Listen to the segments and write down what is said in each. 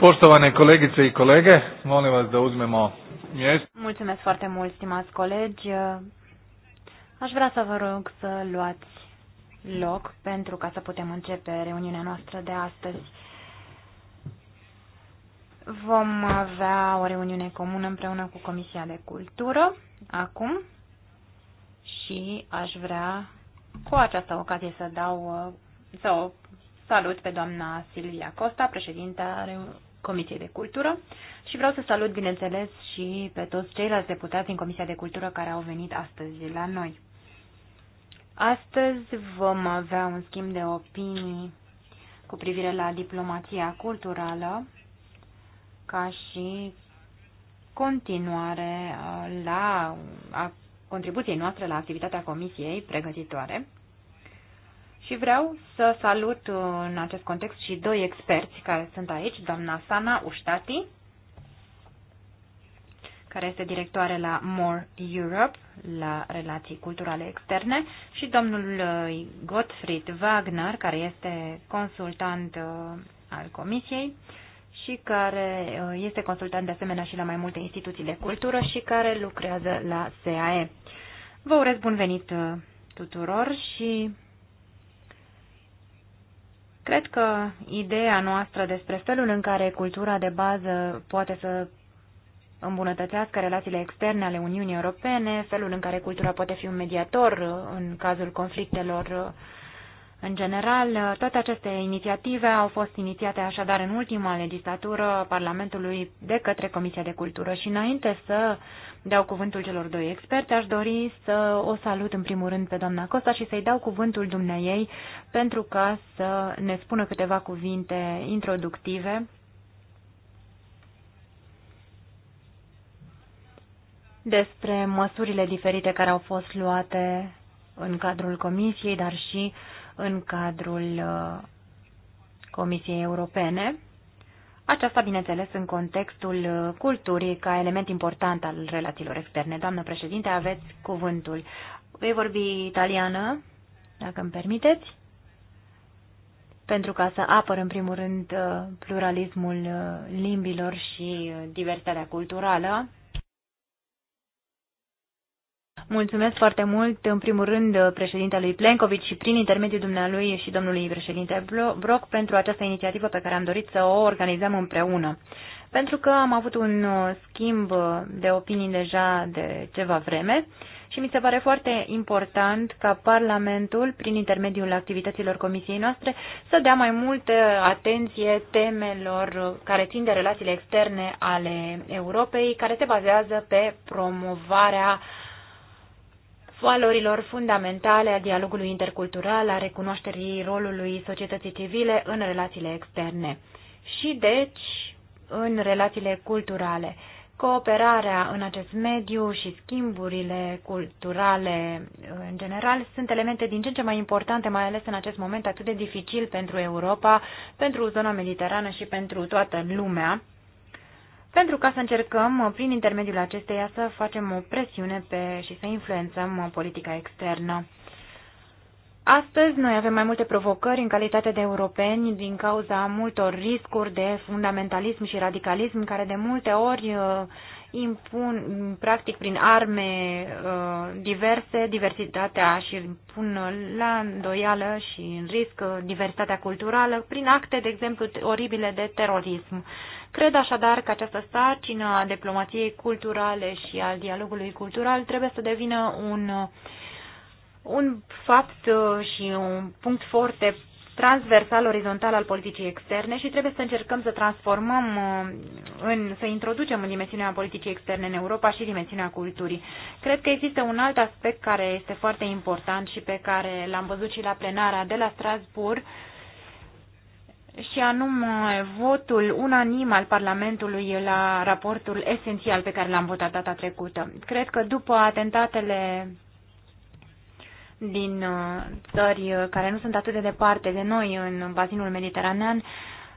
Poštovane kolegice i kolege, molim vas da uzmemo mjesto. Mulțumesc foarte mult, stimați colegi. Aș vrea să vă rog să luați loc pentru ca să putem începe reuniunea noastră de astăzi. Vom avea o reuniune comună împreună cu Comisia de Cultură acum și aș vrea cu această ocazie să dau să o salut pe doamna Silvia Costa, președinta Comisiei de Cultură și vreau să salut, bineînțeles, și pe toți ceilalți deputați din Comisia de Cultură care au venit astăzi la noi. Astăzi vom avea un schimb de opinii cu privire la diplomația culturală ca și continuare la a contribuției noastre la activitatea Comisiei pregătitoare. Și vreau să salut în acest context și doi experți care sunt aici, doamna Sana Uștati, care este directoare la More Europe, la relații culturale externe, și domnul uh, Gottfried Wagner, care este consultant uh, al Comisiei și care uh, este consultant de asemenea și la mai multe instituții de cultură și care lucrează la SAE. Vă urez bun venit tuturor și Cred că ideea noastră despre felul în care cultura de bază poate să îmbunătățească relațiile externe ale Uniunii Europene, felul în care cultura poate fi un mediator în cazul conflictelor în general, toate aceste inițiative au fost inițiate așadar în ultima legislatură Parlamentului de către Comisia de Cultură și înainte să uh, dau cuvântul celor doi experți. Aș dori să o salut în primul rând pe doamna Costa și să-i dau cuvântul dumneiei pentru ca să ne spună câteva cuvinte introductive. despre măsurile diferite care au fost luate în cadrul Comisiei, dar și în cadrul uh, Comisiei Europene aceasta, bineînțeles, în contextul uh, culturii ca element important al relațiilor externe. Doamnă președinte, aveți cuvântul. Vei vorbi italiană, dacă îmi permiteți, pentru ca să apăr, în primul rând, uh, pluralismul uh, limbilor și diversitatea culturală Mulțumesc foarte mult, în primul rând, președintelui Plenković și prin intermediul dumnealui și domnului președinte Brock pentru această inițiativă pe care am dorit să o organizăm împreună. Pentru că am avut un uh, schimb de opinii deja de ceva vreme și mi se pare foarte important ca Parlamentul, prin intermediul activităților comisiei noastre, să dea mai multă atenție temelor care țin de relațiile externe ale Europei, care se bazează pe promovarea valorilor fundamentale, a dialogului intercultural, a recunoașterii rolului societății civile în relațiile externe și, deci, în relațiile culturale. Cooperarea în acest mediu și schimburile culturale în general sunt elemente din ce în ce mai importante, mai ales în acest moment atât de dificil pentru Europa, pentru zona mediterană și pentru toată lumea, pentru ca să încercăm, uh, prin intermediul acesteia, să facem o presiune pe, și să influențăm uh, politica externă. Astăzi noi avem mai multe provocări în calitate de europeni din cauza multor riscuri de fundamentalism și radicalism care de multe ori uh, impun, practic prin arme uh, diverse diversitatea și pun la îndoială și în risc uh, diversitatea culturală prin acte, de exemplu, oribile de terorism. Cred așadar că această sarcină a diplomației culturale și al dialogului cultural trebuie să devină un, un fapt uh, și un punct foarte transversal, orizontal al politicii externe și trebuie să încercăm să transformăm, uh, în, să introducem în dimensiunea politicii externe în Europa și dimensiunea culturii. Cred că există un alt aspect care este foarte important și pe care l-am văzut și la plenarea de la Strasbourg, și anume votul unanim al Parlamentului la raportul esențial pe care l-am votat data trecută. Cred că după atentatele din uh, țări uh, care nu sunt atât de departe de noi în bazinul mediteranean.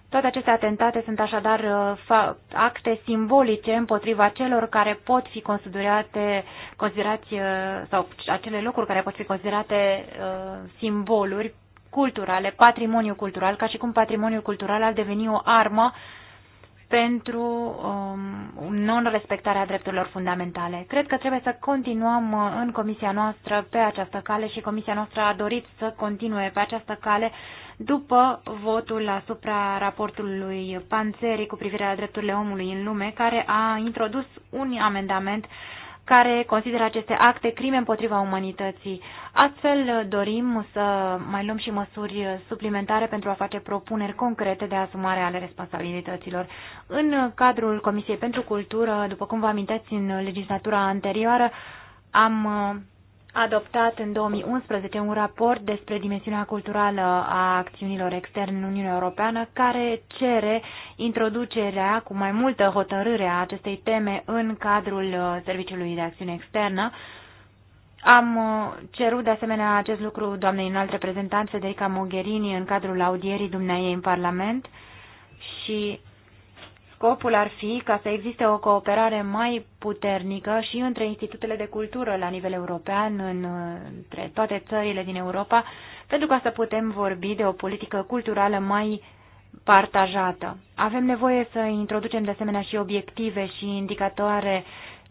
Toate aceste atentate sunt așadar uh, acte simbolice împotriva celor care pot fi considerate considerați, sau acele locuri care pot fi considerate simboluri culturale, patrimoniu cultural, ca și cum patrimoniul cultural ar deveni o armă uh, pentru um, non-respectarea drepturilor fundamentale. Cred că trebuie să continuăm uh, în comisia noastră pe această cale și comisia noastră a dorit să continue pe această cale după votul asupra raportului Panțerii cu privire la drepturile omului în lume, care a introdus un amendament uh, care consideră aceste acte crime împotriva umanității. Astfel dorim să mai luăm și măsuri suplimentare pentru a face propuneri concrete de asumare ale responsabilităților. În cadrul Comisiei pentru Cultură, după cum vă amintiți în legislatura anterioară, am adoptat în 2011 un raport despre dimensiunea culturală a acțiunilor externe în Uniunea Europeană care cere introducerea cu mai multă hotărâre a acestei teme în cadrul uh, Serviciului de Acțiune Externă. Am uh, cerut de asemenea acest lucru doamnei înalt reprezentant Federica Mogherini în cadrul audierii dumneai în Parlament și Scopul ar fi ca să existe o cooperare mai puternică și între institutele de cultură la nivel european, în, între toate țările din Europa, pentru ca să putem vorbi de o politică culturală mai partajată. Avem nevoie să introducem de asemenea și obiective și indicatoare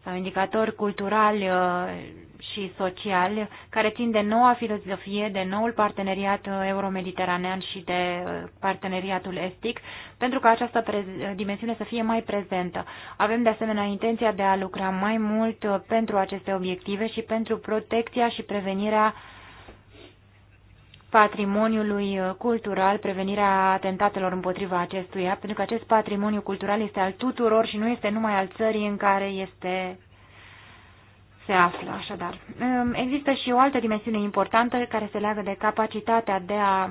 sau indicatori culturali uh, și sociali care țin de noua filozofie, de noul parteneriat uh, euromediteranean și de uh, parteneriatul estic, pentru ca această dimensiune să fie mai prezentă. Avem de asemenea intenția de a lucra mai mult pentru aceste obiective și pentru protecția și prevenirea uh, patrimoniului uh, cultural, prevenirea atentatelor împotriva acestuia, pentru că acest patrimoniu cultural este al tuturor și nu este numai al țării în care este se află, așadar. Um, există și o altă dimensiune importantă care se leagă de capacitatea de a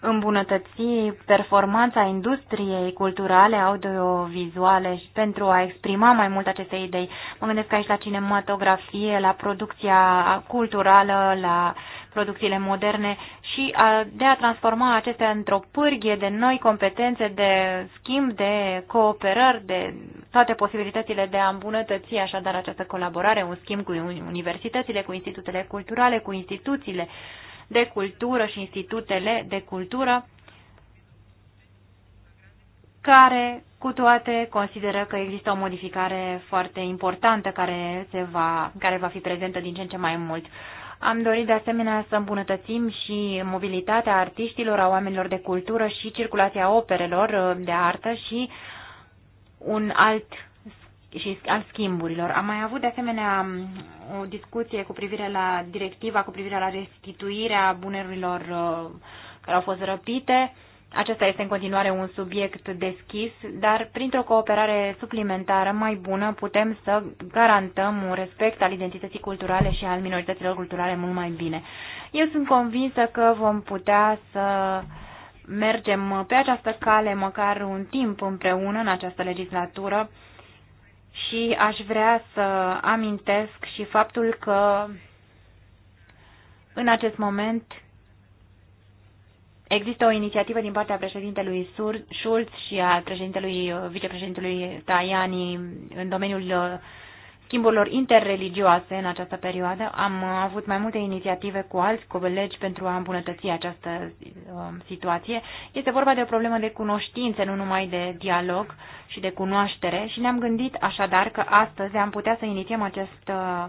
îmbunătăți performanța industriei culturale, audiovizuale și pentru a exprima mai mult aceste idei. Mă gândesc aici la cinematografie, la producția culturală, la producțiile moderne și a, de a transforma acestea într-o pârghie de noi competențe, de schimb, de cooperări, de toate posibilitățile de a îmbunătăți așadar această colaborare, un schimb cu universitățile, cu institutele culturale, cu instituțiile de cultură și institutele de cultură care cu toate consideră că există o modificare foarte importantă care, se va, care va fi prezentă din ce în ce mai mult. Am dorit de asemenea să îmbunătățim și mobilitatea artiștilor, a oamenilor de cultură și circulația operelor uh, de artă și un alt și al schimburilor. Am mai avut de asemenea um, o discuție cu privire la directiva, cu privire la restituirea bunerilor uh, care au fost răpite acesta este în continuare un subiect deschis, dar printr-o cooperare suplimentară mai bună putem să garantăm un respect al identității culturale și al minorităților culturale mult mai bine. Eu sunt convinsă că vom putea să mergem pe această cale măcar un timp împreună în această legislatură și aș vrea să amintesc și faptul că în acest moment Există o inițiativă din partea președintelui Schulz și a președintelui, vicepreședintelui Tajani în domeniul uh, schimburilor interreligioase în această perioadă. Am uh, avut mai multe inițiative cu alți colegi pentru a îmbunătăți această um, situație. Este vorba de o problemă de cunoștințe, nu numai de dialog și de cunoaștere și ne-am gândit așadar că astăzi am putea să inițiem acest uh,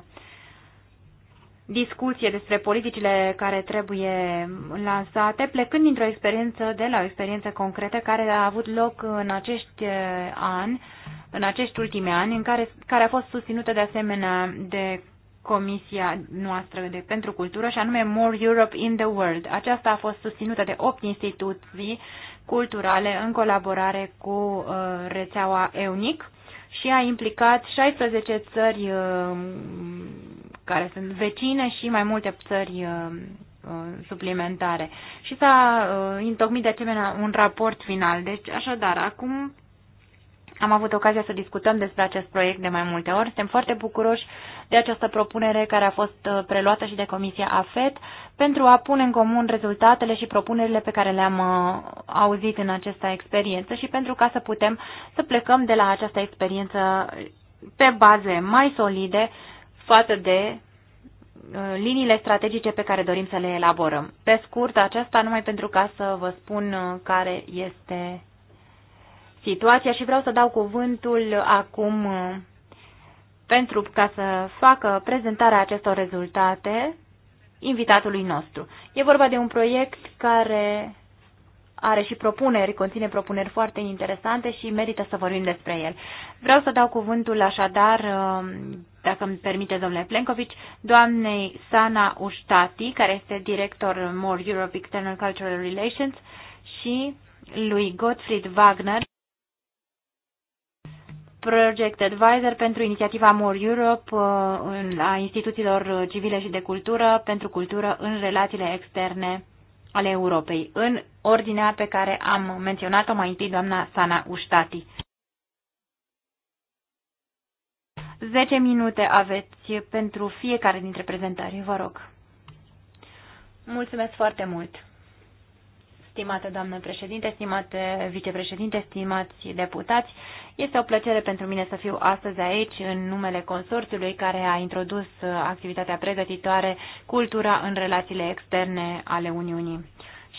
discuție despre politicile care trebuie lansate, plecând dintr-o experiență de la o experiență concretă care a avut loc în acești eh, ani, în acești ultime ani, în care, care a fost susținută de asemenea de comisia noastră de, pentru cultură și anume More Europe in the World. Aceasta a fost susținută de opt instituții culturale în colaborare cu uh, rețeaua EUNIC și a implicat 16 țări uh, care sunt vecine și mai multe țări uh, uh, suplimentare. Și s-a uh, întocmit de asemenea un raport final. Deci, așadar, acum am avut ocazia să discutăm despre acest proiect de mai multe ori. Suntem foarte bucuroși de această propunere care a fost preluată și de Comisia AFET pentru a pune în comun rezultatele și propunerile pe care le-am auzit în această experiență și pentru ca să putem să plecăm de la această experiență pe baze mai solide față de uh, liniile strategice pe care dorim să le elaborăm. Pe scurt, aceasta numai pentru ca să vă spun uh, care este situația și vreau să dau cuvântul acum uh, pentru ca să facă prezentarea acestor rezultate invitatului nostru. E vorba de un proiect care are și propuneri, conține propuneri foarte interesante și merită să vorbim despre el. Vreau să dau cuvântul așadar, um, dacă îmi permite domnule Plenkovici, doamnei Sana Uștati, care este director More Europe External Cultural Relations și lui Gottfried Wagner, Project Advisor pentru inițiativa More Europe uh, a instituțiilor civile și de cultură pentru cultură în relațiile externe ale Europei, în ordinea pe care am menționat-o mai întâi doamna Sana Uștati. 10 minute aveți pentru fiecare dintre prezentări, vă rog. Mulțumesc foarte mult! Stimată doamnă președinte, stimate vicepreședinte, stimați deputați, este o plăcere pentru mine să fiu astăzi aici în numele consorțiului care a introdus activitatea pregătitoare Cultura în relațiile externe ale Uniunii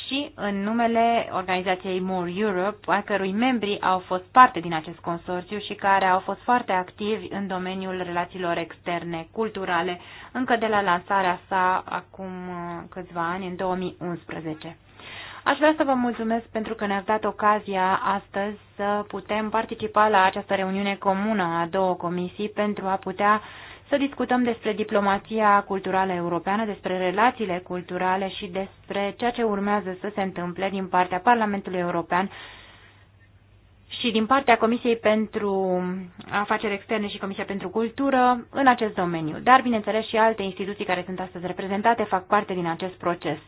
și în numele organizației More Europe, a cărui membri au fost parte din acest consorțiu și care au fost foarte activi în domeniul relațiilor externe culturale încă de la lansarea sa acum uh, câțiva ani, în 2011. Aș vrea să vă mulțumesc pentru că ne-ați dat ocazia astăzi să putem participa la această reuniune comună a două comisii pentru a putea să discutăm despre diplomația culturală europeană, despre relațiile culturale și despre ceea ce urmează să se întâmple din partea Parlamentului European și din partea Comisiei pentru Afaceri Externe și Comisia pentru Cultură în acest domeniu. Dar, bineînțeles, și alte instituții care sunt astăzi reprezentate fac parte din acest proces.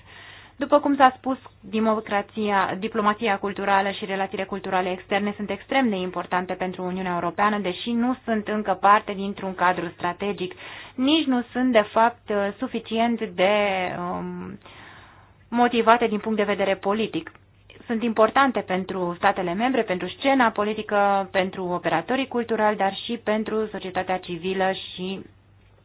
După cum s-a spus, democrația, diplomația culturală și relațiile culturale externe sunt extrem de importante pentru Uniunea Europeană, deși nu sunt încă parte dintr-un cadru strategic, nici nu sunt, de fapt, suficient de um, motivate din punct de vedere politic. Sunt importante pentru statele membre, pentru scena politică, pentru operatorii culturali, dar și pentru societatea civilă și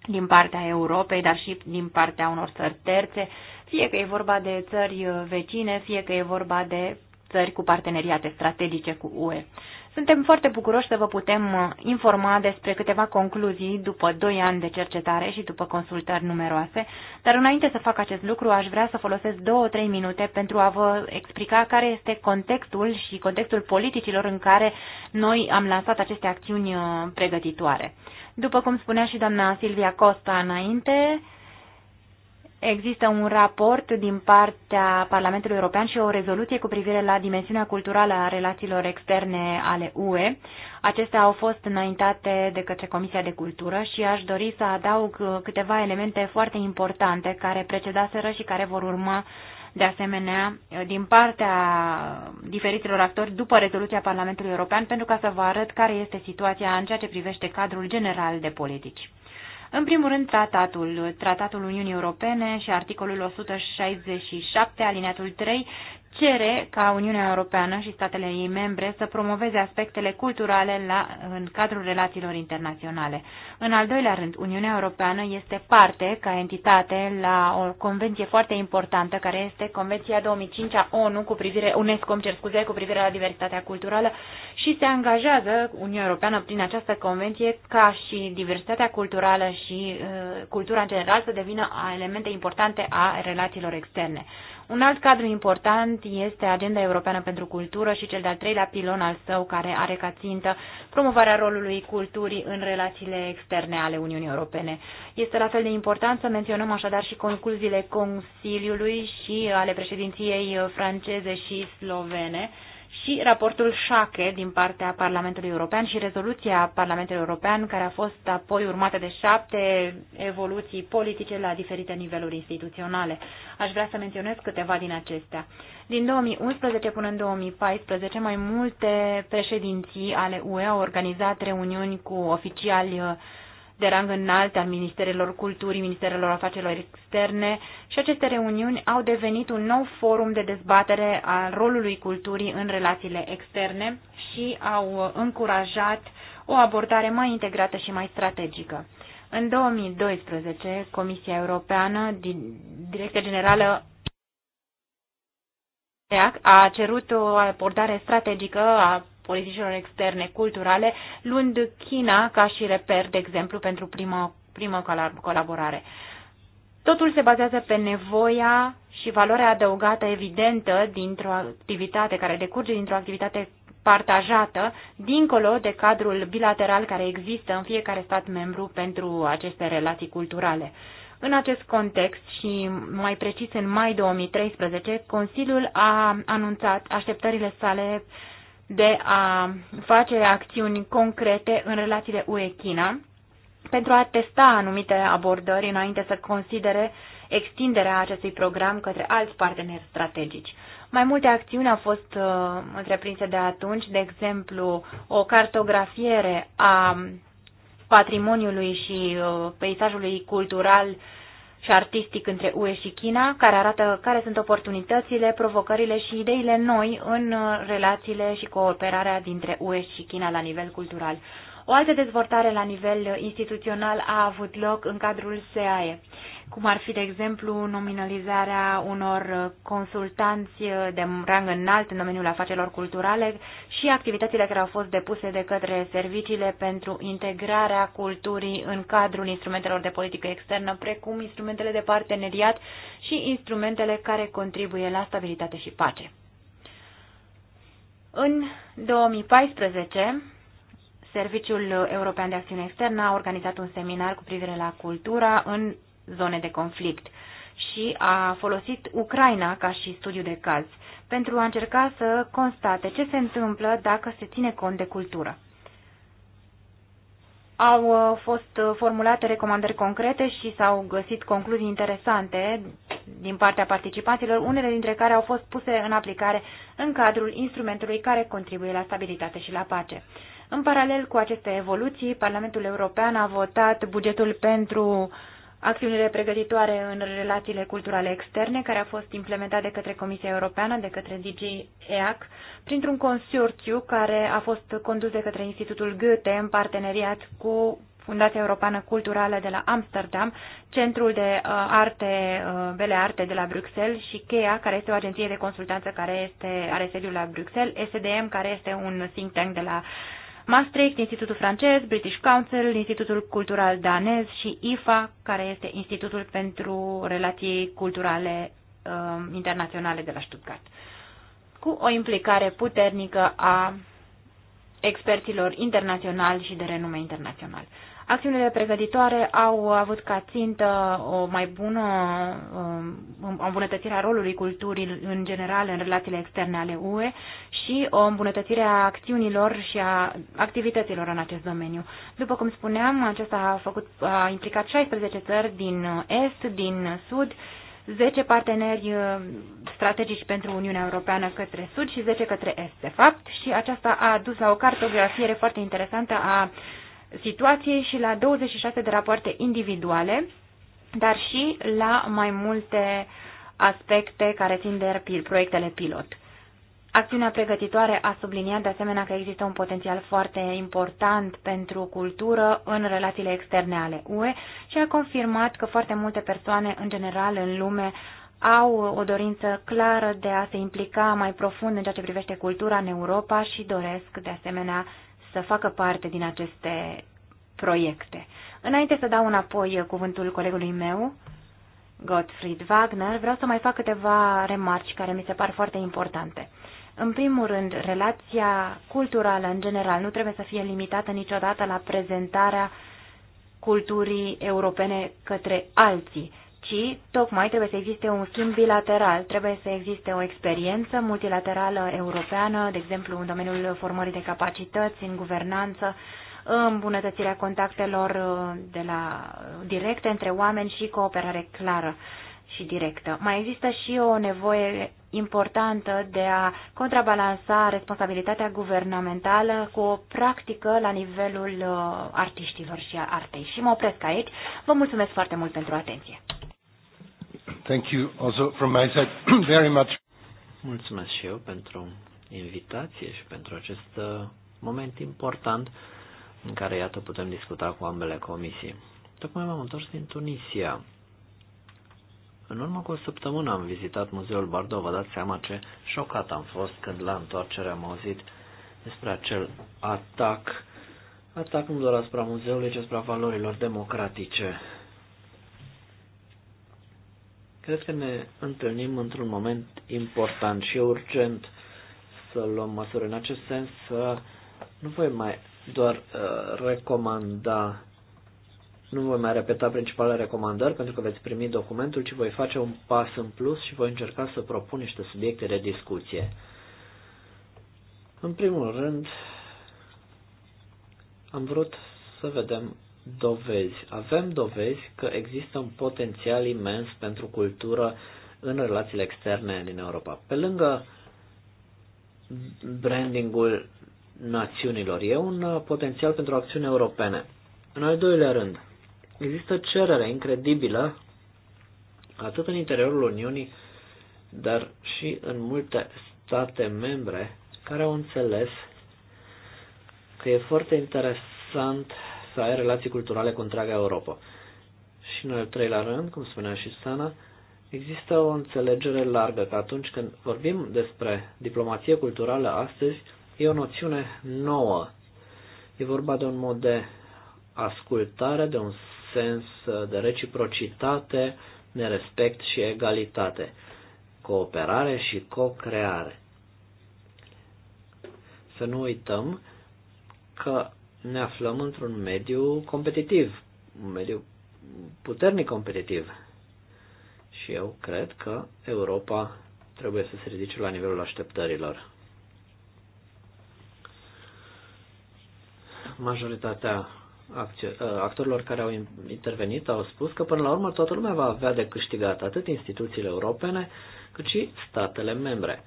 din partea Europei, dar și din partea unor țări terțe, uh, fie că e vorba de țări uh, vecine, fie că e vorba de țări cu parteneriate strategice cu UE. Suntem foarte bucuroși să vă putem uh, informa despre câteva concluzii după 2 ani de cercetare și după consultări numeroase, dar înainte să fac acest lucru aș vrea să folosesc 2-3 minute pentru a vă explica care este contextul și contextul politicilor în care noi am lansat aceste acțiuni uh, pregătitoare. După cum spunea și doamna Silvia Costa înainte, Există un raport din partea Parlamentului European și o rezoluție cu privire la dimensiunea culturală a relațiilor externe ale UE. Acestea au fost înaintate de către Comisia de Cultură și aș dori să adaug câteva elemente foarte importante care precedaseră și care vor urma de asemenea din partea diferiților actori după rezoluția Parlamentului European pentru ca să vă arăt care este situația în ceea ce privește cadrul general de politici. În primul rând, tratatul, tratatul Uniunii Europene și articolul 167, alineatul 3, cere ca Uniunea Europeană și statele ei membre să promoveze aspectele culturale la, în cadrul relațiilor internaționale. În al doilea rând, Uniunea Europeană este parte ca entitate la o convenție foarte importantă, care este Convenția 2005 a ONU cu privire, UNESCO, cer scuze, cu privire la diversitatea culturală și se angajează Uniunea Europeană prin această convenție ca și diversitatea culturală și uh, cultura în general să devină elemente importante a relațiilor externe. Un alt cadru important este Agenda Europeană pentru Cultură și cel de-al treilea pilon al său, care are ca țintă promovarea rolului culturii în relațiile externe ale Uniunii Europene. Este la fel de important să menționăm așadar și concluziile Consiliului și ale președinției franceze și slovene, și raportul Șache din partea Parlamentului European și rezoluția Parlamentului European, care a fost apoi urmată de șapte evoluții politice la diferite niveluri instituționale. Aș vrea să menționez câteva din acestea. Din 2011 până în 2014, mai multe președinții ale UE au organizat reuniuni cu oficiali de rang înalt al Ministerelor Culturii, Ministerelor Afacerilor Externe și aceste reuniuni au devenit un nou forum de dezbatere al rolului culturii în relațiile externe și au încurajat o abordare mai integrată și mai strategică. În 2012, Comisia Europeană, Direcția Generală a cerut o abordare strategică a politicilor externe culturale, luând China ca și reper, de exemplu, pentru prima, prima colaborare. Totul se bazează pe nevoia și valoarea adăugată evidentă dintr-o activitate care decurge dintr-o activitate partajată, dincolo de cadrul bilateral care există în fiecare stat membru pentru aceste relații culturale. În acest context și mai precis în mai 2013, Consiliul a anunțat așteptările sale uh, de a face acțiuni concrete în relațiile UE-China pentru a testa anumite abordări înainte să considere extinderea acestui program către alți parteneri strategici. Mai multe acțiuni au fost uh, întreprinse de atunci, de exemplu, o cartografiere a patrimoniului și uh, peisajului cultural și artistic între UE și China, care arată care sunt oportunitățile, provocările și ideile noi în uh, relațiile și cooperarea dintre UE și China la nivel cultural. O altă dezvoltare la nivel instituțional a avut loc în cadrul SEAE, cum ar fi, de exemplu, nominalizarea unor consultanți de rang înalt în domeniul afacerilor culturale și activitățile care au fost depuse de către serviciile pentru integrarea culturii în cadrul instrumentelor de politică externă, precum instrumentele de parteneriat și instrumentele care contribuie la stabilitate și pace. În 2014, Serviciul European de Acțiune Externă a organizat un seminar cu privire la cultura în zone de conflict și a folosit Ucraina ca și studiu de caz pentru a încerca să constate ce se întâmplă dacă se ține cont de cultură. Au uh, fost uh, formulate recomandări concrete și s-au găsit concluzii interesante din partea participanților, unele dintre care au fost puse în aplicare în cadrul instrumentului care contribuie la stabilitate și la pace. În paralel cu aceste evoluții, Parlamentul European a votat bugetul pentru acțiunile pregătitoare în relațiile culturale externe, care a fost implementat de către Comisia Europeană, de către DG EAC, printr-un consorțiu care a fost condus de către Institutul Goethe în parteneriat cu Fundația Europeană Culturală de la Amsterdam, Centrul de uh, Arte, uh, Bele Arte de la Bruxelles și CHEA, care este o agenție de consultanță care este, are sediul la Bruxelles, SDM, care este un think tank de la uh, Maastricht, Institutul francez, British Council, Institutul Cultural Danez și IFA, care este Institutul pentru Relații Culturale uh, Internaționale de la Stuttgart. Cu o implicare puternică a experților internaționali și de renume internațional. Acțiunile pregătitoare au avut ca țintă o mai bună o um, îmbunătățire a rolului culturii în general în relațiile externe ale UE și o îmbunătățire a acțiunilor și a activităților în acest domeniu. După cum spuneam, acesta a, făcut, a implicat 16 țări din Est, din Sud, 10 parteneri uh, strategici pentru Uniunea Europeană către Sud și 10 către Est, de fapt, și aceasta a dus la o cartografiere foarte interesantă a situației și la 26 de rapoarte individuale, dar și la mai multe aspecte care țin de proiectele pilot. Acțiunea pregătitoare a subliniat de asemenea că există un potențial foarte important pentru cultură în relațiile externe ale UE și a confirmat că foarte multe persoane în general în lume au o dorință clară de a se implica mai profund în ceea ce privește cultura în Europa și doresc de asemenea să facă parte din aceste proiecte. Înainte să dau înapoi cuvântul colegului meu, Gottfried Wagner, vreau să mai fac câteva remarci care mi se par foarte importante. În primul rând, relația culturală în general nu trebuie să fie limitată niciodată la prezentarea culturii europene către alții ci tocmai trebuie să existe un schimb bilateral, trebuie să existe o experiență multilaterală europeană, de exemplu în domeniul formării de capacități, în guvernanță, îmbunătățirea contactelor uh, de la, uh, directe între oameni și cooperare clară și directă. Mai există și o nevoie importantă de a contrabalansa responsabilitatea guvernamentală cu o practică la nivelul uh, artiștilor și a artei. Și mă opresc aici. Vă mulțumesc foarte mult pentru atenție. Thank you also from my side very much. Mulțumesc și eu pentru invitație și pentru acest uh, moment important în care, iată, putem discuta cu ambele comisii. Tocmai m-am întors din Tunisia. În urmă cu o săptămână am vizitat Muzeul Bardo, vă dați seama ce șocat am fost când la întoarcere am auzit despre acel atac, atac nu doar asupra muzeului, ci asupra valorilor democratice Cred că ne întâlnim într-un moment important și urgent să luăm măsuri. În acest sens, nu voi mai doar uh, recomanda, nu voi mai repeta principalele recomandări pentru că veți primi documentul, ci voi face un pas în plus și voi încerca să propun niște subiecte de discuție. În primul rând, am vrut să vedem dovezi. Avem dovezi că există un potențial imens pentru cultură în relațiile externe din Europa. Pe lângă brandingul națiunilor, e un uh, potențial pentru acțiuni europene. În al doilea rând, există cerere incredibilă atât în interiorul Uniunii, dar și în multe state membre care au înțeles că e foarte interesant să ai relații culturale cu întreaga Europa. Și în al treilea rând, cum spunea și Sana, există o înțelegere largă că atunci când vorbim despre diplomație culturală astăzi, e o noțiune nouă. E vorba de un mod de ascultare, de un sens de reciprocitate, de respect și egalitate, cooperare și co-creare. Să nu uităm că ne aflăm într-un mediu competitiv, un mediu puternic competitiv. Și eu cred că Europa trebuie să se ridice la nivelul așteptărilor. Majoritatea ă, actorilor care au intervenit au spus că până la urmă toată lumea va avea de câștigat atât instituțiile europene cât și statele membre.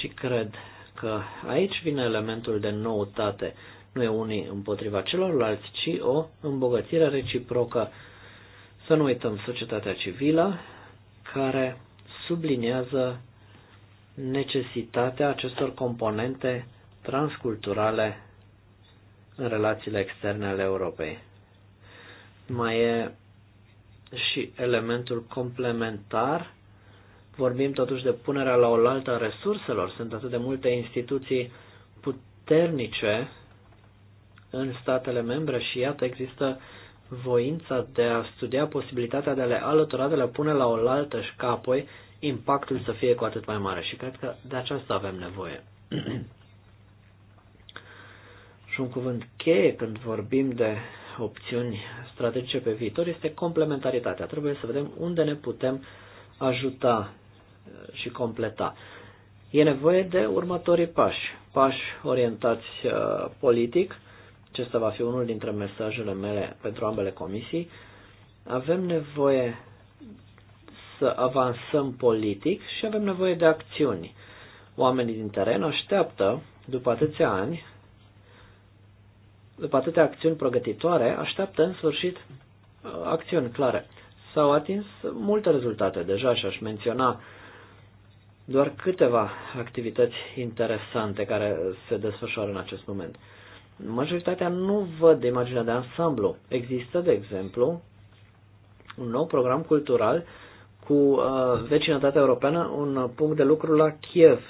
Și cred că aici vine elementul de noutate nu e unii împotriva celorlalți, ci o îmbogățire reciprocă. Să nu uităm societatea civilă, care subliniază necesitatea acestor componente transculturale în relațiile externe ale Europei. Mai e și elementul complementar. Vorbim totuși de punerea la oaltă a resurselor. Sunt atât de multe instituții puternice în statele membre și iată există voința de a studia posibilitatea de a le alătura, de a le pune la oaltă și ca apoi impactul să fie cu atât mai mare și cred că de aceasta avem nevoie. și un cuvânt cheie când vorbim de opțiuni strategice pe viitor este complementaritatea. Trebuie să vedem unde ne putem ajuta și completa. E nevoie de următorii pași. Pași orientați uh, politic, acesta va fi unul dintre mesajele mele pentru ambele comisii, avem nevoie să avansăm politic și avem nevoie de acțiuni. Oamenii din teren așteaptă, după atâția ani, după atâtea acțiuni pregătitoare, așteaptă în sfârșit uh, acțiuni clare. S-au atins multe rezultate deja și aș menționa doar câteva activități interesante care se desfășoară în acest moment majoritatea nu văd imaginea de ansamblu. Există, de exemplu, un nou program cultural cu uh, vecinătatea europeană, un punct de lucru la Kiev,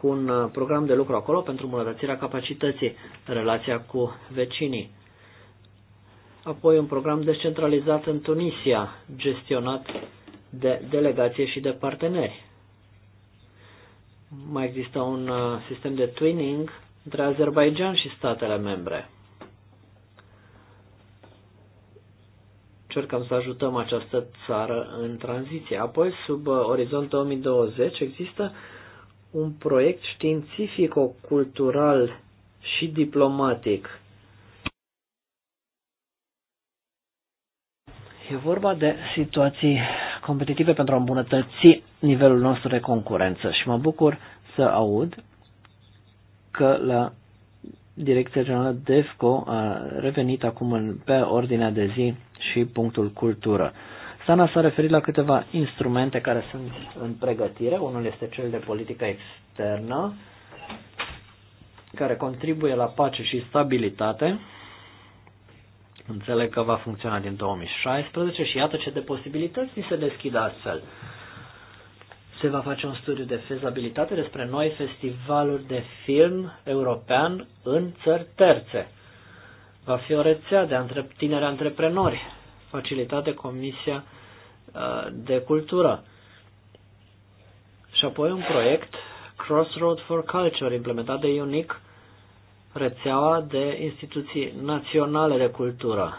cu un uh, program de lucru acolo pentru îmbunătățirea capacității, relația cu vecinii. Apoi un program descentralizat în Tunisia, gestionat de delegație și de parteneri. Mai există un uh, sistem de twinning între Azerbaijan și statele membre. Cercăm să ajutăm această țară în tranziție. Apoi, sub Orizont 2020, există un proiect științifico-cultural și diplomatic. E vorba de situații competitive pentru a îmbunătăți nivelul nostru de concurență și mă bucur să aud că la Direcția Generală DEFCO a revenit acum în, pe ordinea de zi și punctul cultură. Sana s-a referit la câteva instrumente care sunt în pregătire. Unul este cel de politică externă, care contribuie la pace și stabilitate. Înțeleg că va funcționa din 2016 și iată ce de posibilități ni se deschid astfel se va face un studiu de fezabilitate despre noi festivaluri de film european în țări terțe. Va fi o rețea de antre- tineri antreprenori, facilitate Comisia uh, de Cultură. Și apoi un proiect, Crossroad for Culture, implementat de UNIC, rețeaua de instituții naționale de cultură.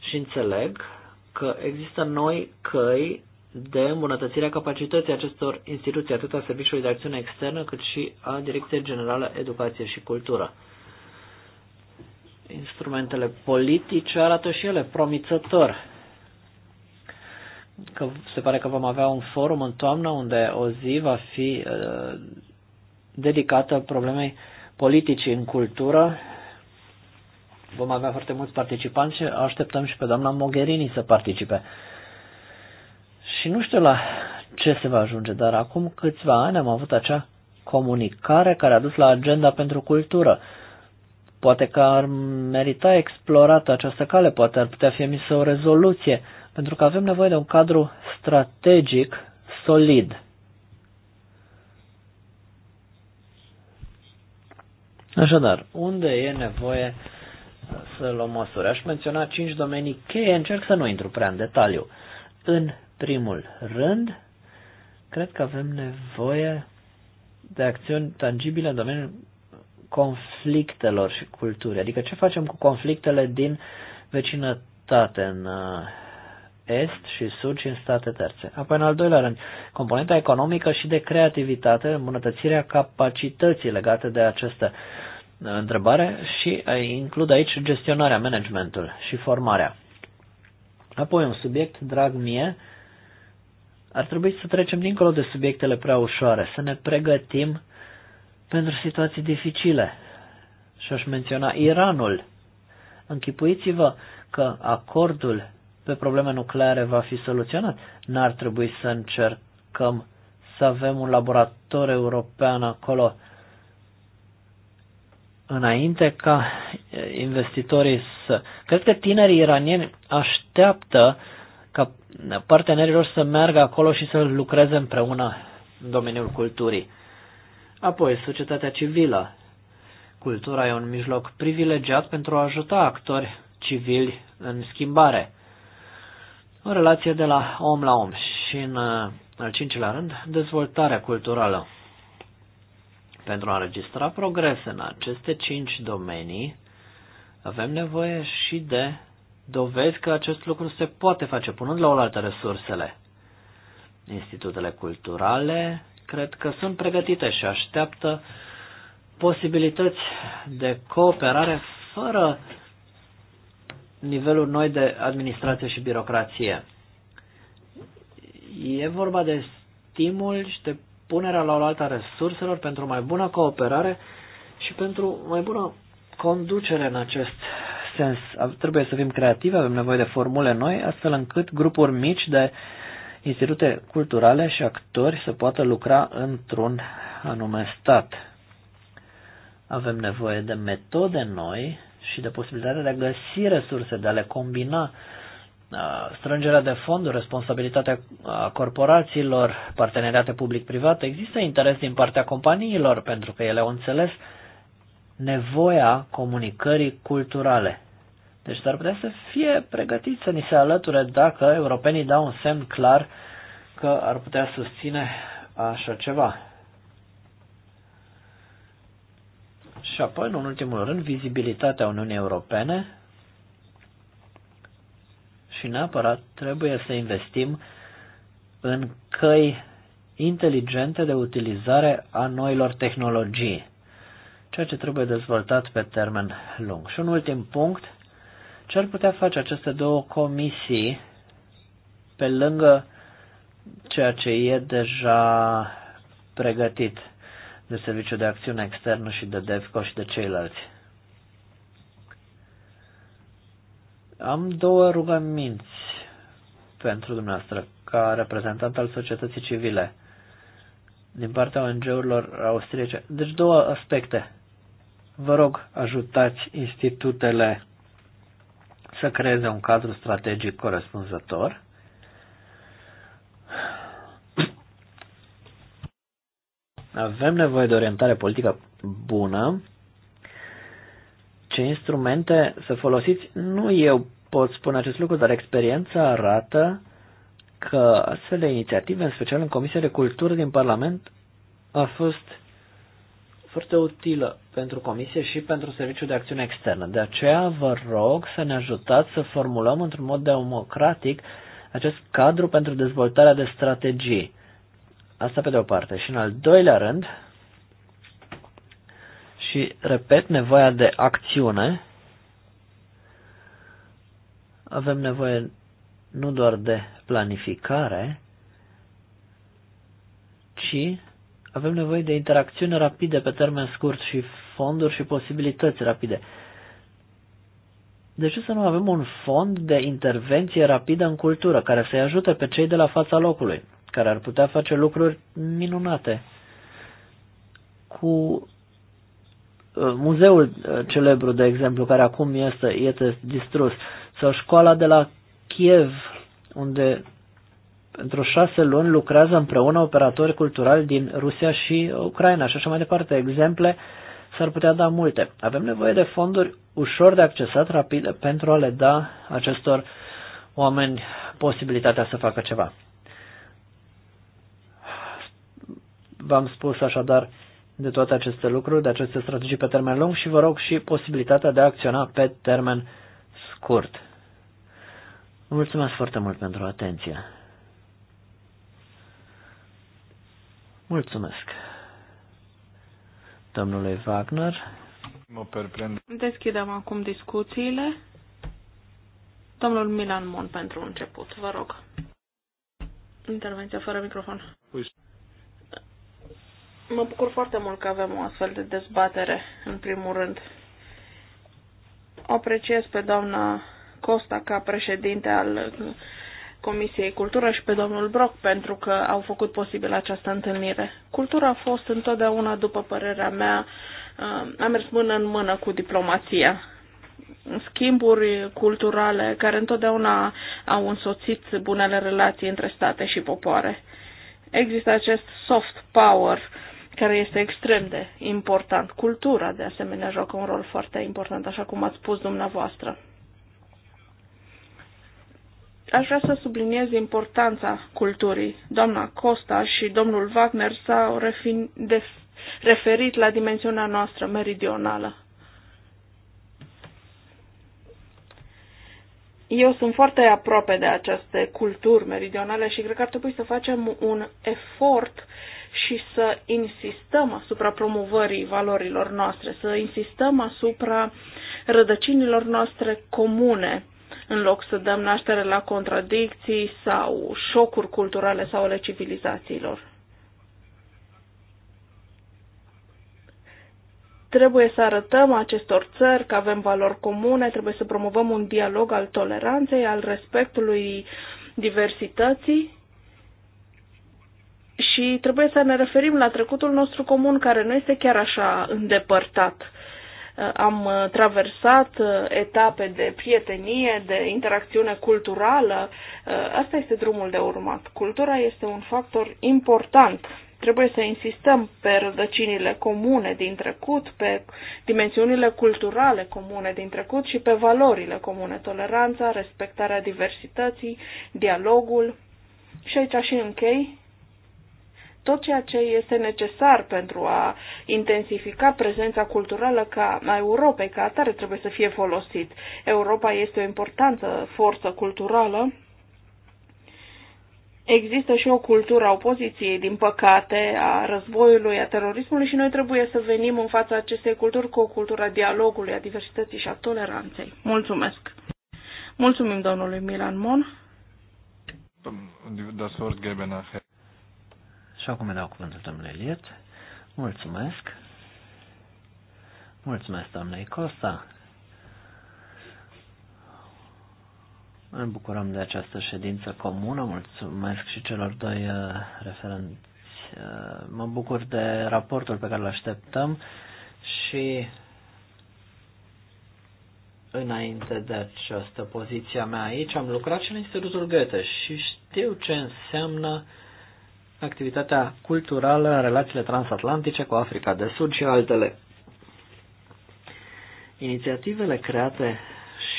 Și înțeleg că există noi căi de îmbunătățirea capacității acestor instituții, atât a Serviciului de Acțiune Externă, cât și a Direcției Generală Educație și Cultură. Instrumentele politice arată și ele promițător. Că se pare că vom avea un forum în toamnă unde o zi va fi uh, dedicată problemei politicii în cultură. Vom avea foarte mulți participanți și așteptăm și pe doamna Mogherini să participe. Și nu știu la ce se va ajunge, dar acum câțiva ani am avut acea comunicare care a dus la agenda pentru cultură. Poate că ar merita explorată această cale, poate ar putea fi emisă o rezoluție, pentru că avem nevoie de un cadru strategic solid. Așadar, unde e nevoie să luăm măsuri? Aș menționa cinci domenii cheie, încerc să nu intru prea în detaliu. În primul rând, cred că avem nevoie de acțiuni tangibile în domeniul conflictelor și culturii. Adică ce facem cu conflictele din vecinătate în uh, est și sud și în state terțe. Apoi, în al doilea rând, componenta economică și de creativitate, îmbunătățirea capacității legate de această uh, întrebare și uh, includ aici gestionarea, managementul și formarea. Apoi, un subiect drag mie, ar trebui să trecem dincolo de subiectele prea ușoare, să ne pregătim pentru situații dificile. Și aș menționa Iranul. Închipuiți-vă că acordul pe probleme nucleare va fi soluționat. N-ar trebui să încercăm să avem un laborator european acolo înainte ca investitorii să... Cred că tinerii iranieni așteaptă ca partenerilor să meargă acolo și să lucreze împreună în domeniul culturii. Apoi, societatea civilă. Cultura e un mijloc privilegiat pentru a ajuta actori civili în schimbare. O relație de la om la om și, în uh, al cincilea rând, dezvoltarea culturală. Pentru a înregistra progrese în aceste cinci domenii, avem nevoie și de dovezi că acest lucru se poate face, punând la oaltă resursele. Institutele culturale cred că sunt pregătite și așteaptă posibilități de cooperare fără nivelul noi de administrație și birocrație. E vorba de stimul și de punerea la oaltă a resurselor pentru mai bună cooperare și pentru mai bună conducere în acest sens. Trebuie să fim creativi, avem nevoie de formule noi, astfel încât grupuri mici de institute culturale și actori să poată lucra într-un anume stat. Avem nevoie de metode noi și de posibilitatea de a găsi resurse, de a le combina strângerea de fonduri, responsabilitatea corporațiilor, parteneriate public-private. Există interes din partea companiilor pentru că ele au înțeles nevoia comunicării culturale. Deci s-ar putea să fie pregătiți să ni se alăture dacă europenii dau un semn clar că ar putea susține așa ceva. Și apoi, în ultimul rând, vizibilitatea Uniunii Europene și neapărat trebuie să investim în căi inteligente de utilizare a noilor tehnologii, ceea ce trebuie dezvoltat pe termen lung. Și un ultim punct, ce ar putea face aceste două comisii pe lângă ceea ce e deja pregătit de Serviciul de Acțiune Externă și de DEVCO și de ceilalți? Am două rugăminți pentru dumneavoastră ca reprezentant al societății civile din partea ONG-urilor austriece. Deci două aspecte. Vă rog, ajutați institutele să creeze un cadru strategic corespunzător avem nevoie de orientare politică bună, ce instrumente să folosiți, nu eu pot spune acest lucru, dar experiența arată că astfel de inițiative, în special în Comisia de Cultură din Parlament, a fost foarte utilă pentru Comisie și pentru Serviciul de Acțiune Externă. De aceea vă rog să ne ajutați să formulăm într-un mod democratic acest cadru pentru dezvoltarea de strategii. Asta pe de o parte. Și în al doilea rând, și repet, nevoia de acțiune. Avem nevoie nu doar de planificare, ci avem nevoie de interacțiune rapide pe termen scurt și fonduri și posibilități rapide. De ce să nu avem un fond de intervenție rapidă în cultură care să-i ajute pe cei de la fața locului, care ar putea face lucruri minunate? Cu uh, muzeul uh, celebru, de exemplu, care acum este, este distrus, sau școala de la Kiev, unde pentru șase luni lucrează împreună operatori culturali din Rusia și Ucraina și așa mai departe. Exemple s-ar putea da multe. Avem nevoie de fonduri ușor de accesat, rapide, pentru a le da acestor oameni posibilitatea să facă ceva. V-am spus așadar de toate aceste lucruri, de aceste strategii pe termen lung și vă rog și posibilitatea de a acționa pe termen scurt. Mulțumesc foarte mult pentru atenție. Mulțumesc. Domnule Wagner. Mă perprende. Deschidem acum discuțiile. Domnul Milan Mon pentru început, vă rog. Intervenția fără microfon. Ui. Mă bucur foarte mult că avem o astfel de dezbatere, în primul rând. O apreciez pe doamna Costa ca președinte al uh, Comisiei Cultură și pe domnul Brock pentru că au făcut posibil această întâlnire. Cultura a fost întotdeauna, după părerea mea, um, a mers mână în mână cu diplomația. Schimburi culturale care întotdeauna au însoțit bunele relații între state și popoare. Există acest soft power care este extrem de important. Cultura, de asemenea, joacă un rol foarte important, așa cum ați spus dumneavoastră. Aș vrea să subliniez importanța culturii. Doamna Costa și domnul Wagner s-au referit la dimensiunea noastră meridională. Eu sunt foarte aproape de aceste culturi meridionale și cred că ar trebui să facem un efort și să insistăm asupra promovării valorilor noastre, să insistăm asupra rădăcinilor noastre comune în loc să dăm naștere la contradicții sau șocuri culturale sau ale civilizațiilor. Trebuie să arătăm acestor țări că avem valori comune, trebuie să promovăm un dialog al toleranței, al respectului diversității și trebuie să ne referim la trecutul nostru comun, care nu este chiar așa îndepărtat Eh, am eh, traversat eh, etape de prietenie, de interacțiune culturală. Asta este drumul de urmat. Cultura este un factor important. Trebuie să insistăm pe rădăcinile comune din trecut, pe dimensiunile culturale comune din trecut și pe valorile comune, toleranța, respectarea diversității, dialogul. Și aici și închei tot ceea ce este necesar pentru a intensifica prezența culturală ca a Europei ca atare trebuie să fie folosit. Europa este o importantă forță culturală Există și o cultură a opoziției, din păcate, a războiului, a terorismului și noi trebuie să venim în fața acestei culturi cu o cultură a dialogului, a diversității și a toleranței. Mulțumesc! Mulțumim domnului Milan Mon. Das Wort geben nachher. Și acum dau cuvântul domnului Eliet. Mulțumesc. Mulțumesc, doamnei Costa. Mă bucurăm de această ședință comună. Mulțumesc și celor doi uh, referenți. Uh, mă bucur de raportul pe care îl așteptăm și înainte de această poziție mea aici, am lucrat și în Institutul Goethe și știu ce înseamnă uh, activitatea culturală în relațiile transatlantice cu Africa de Sud și altele. Inițiativele create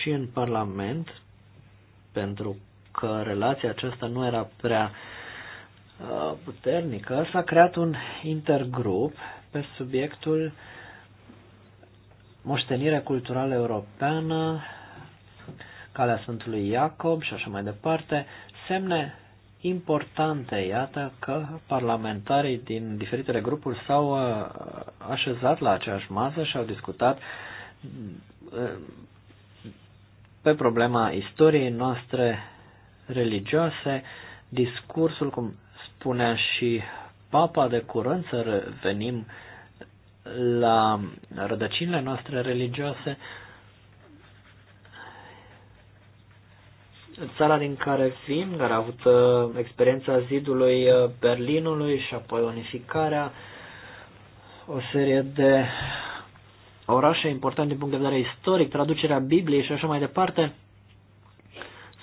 și în Parlament, pentru că relația aceasta nu era prea uh, puternică, s-a creat un intergrup pe subiectul moștenirea culturală europeană, calea Sfântului Iacob și așa mai departe, semne importante. Iată că parlamentarii din diferitele grupuri s-au uh, așezat la aceeași masă și au discutat uh, pe problema istoriei noastre religioase, discursul, cum spunea și Papa de curând, să revenim la rădăcinile noastre religioase, țara din care vin, care a avut uh, experiența zidului uh, Berlinului și apoi unificarea, o serie de orașe importante din punct de vedere istoric, traducerea Bibliei și așa mai departe,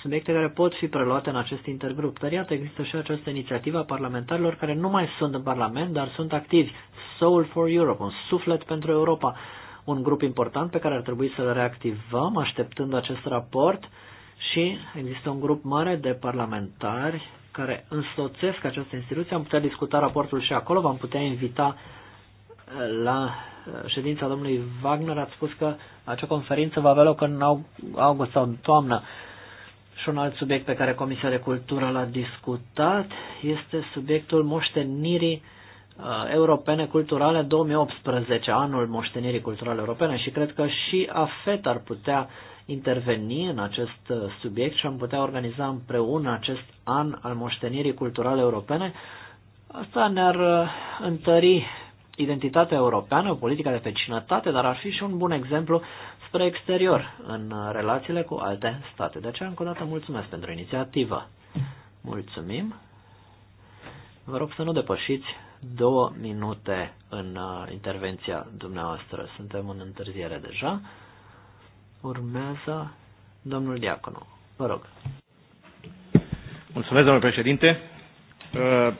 subiecte care pot fi preluate în acest intergrup. Dar iată, există și această inițiativă a parlamentarilor care nu mai sunt în Parlament, dar sunt activi. Soul for Europe, un suflet pentru Europa, un grup important pe care ar trebui să-l reactivăm, așteptând acest raport și există un grup mare de parlamentari care însoțesc această instituție. Am putea discuta raportul și acolo, v-am putea invita uh, la uh, ședința domnului Wagner. Ați spus că acea conferință va avea loc în august sau în toamnă. Și un alt subiect pe care Comisia de Cultură l-a discutat este subiectul moștenirii Uh, europene culturale 2018, anul moștenirii culturale europene și cred că și AFET ar putea interveni în acest uh, subiect și am putea organiza împreună acest an al moștenirii culturale europene. Asta ne-ar uh, întări identitatea europeană, politica de vecinătate, dar ar fi și un bun exemplu spre exterior în relațiile cu alte state. De aceea, încă o dată, mulțumesc pentru inițiativă. Mulțumim. Vă rog să nu depășiți două minute în uh, intervenția dumneavoastră. Suntem în întârziere deja. Urmează domnul Diaconu. Vă rog. Mulțumesc, domnule președinte. Uh,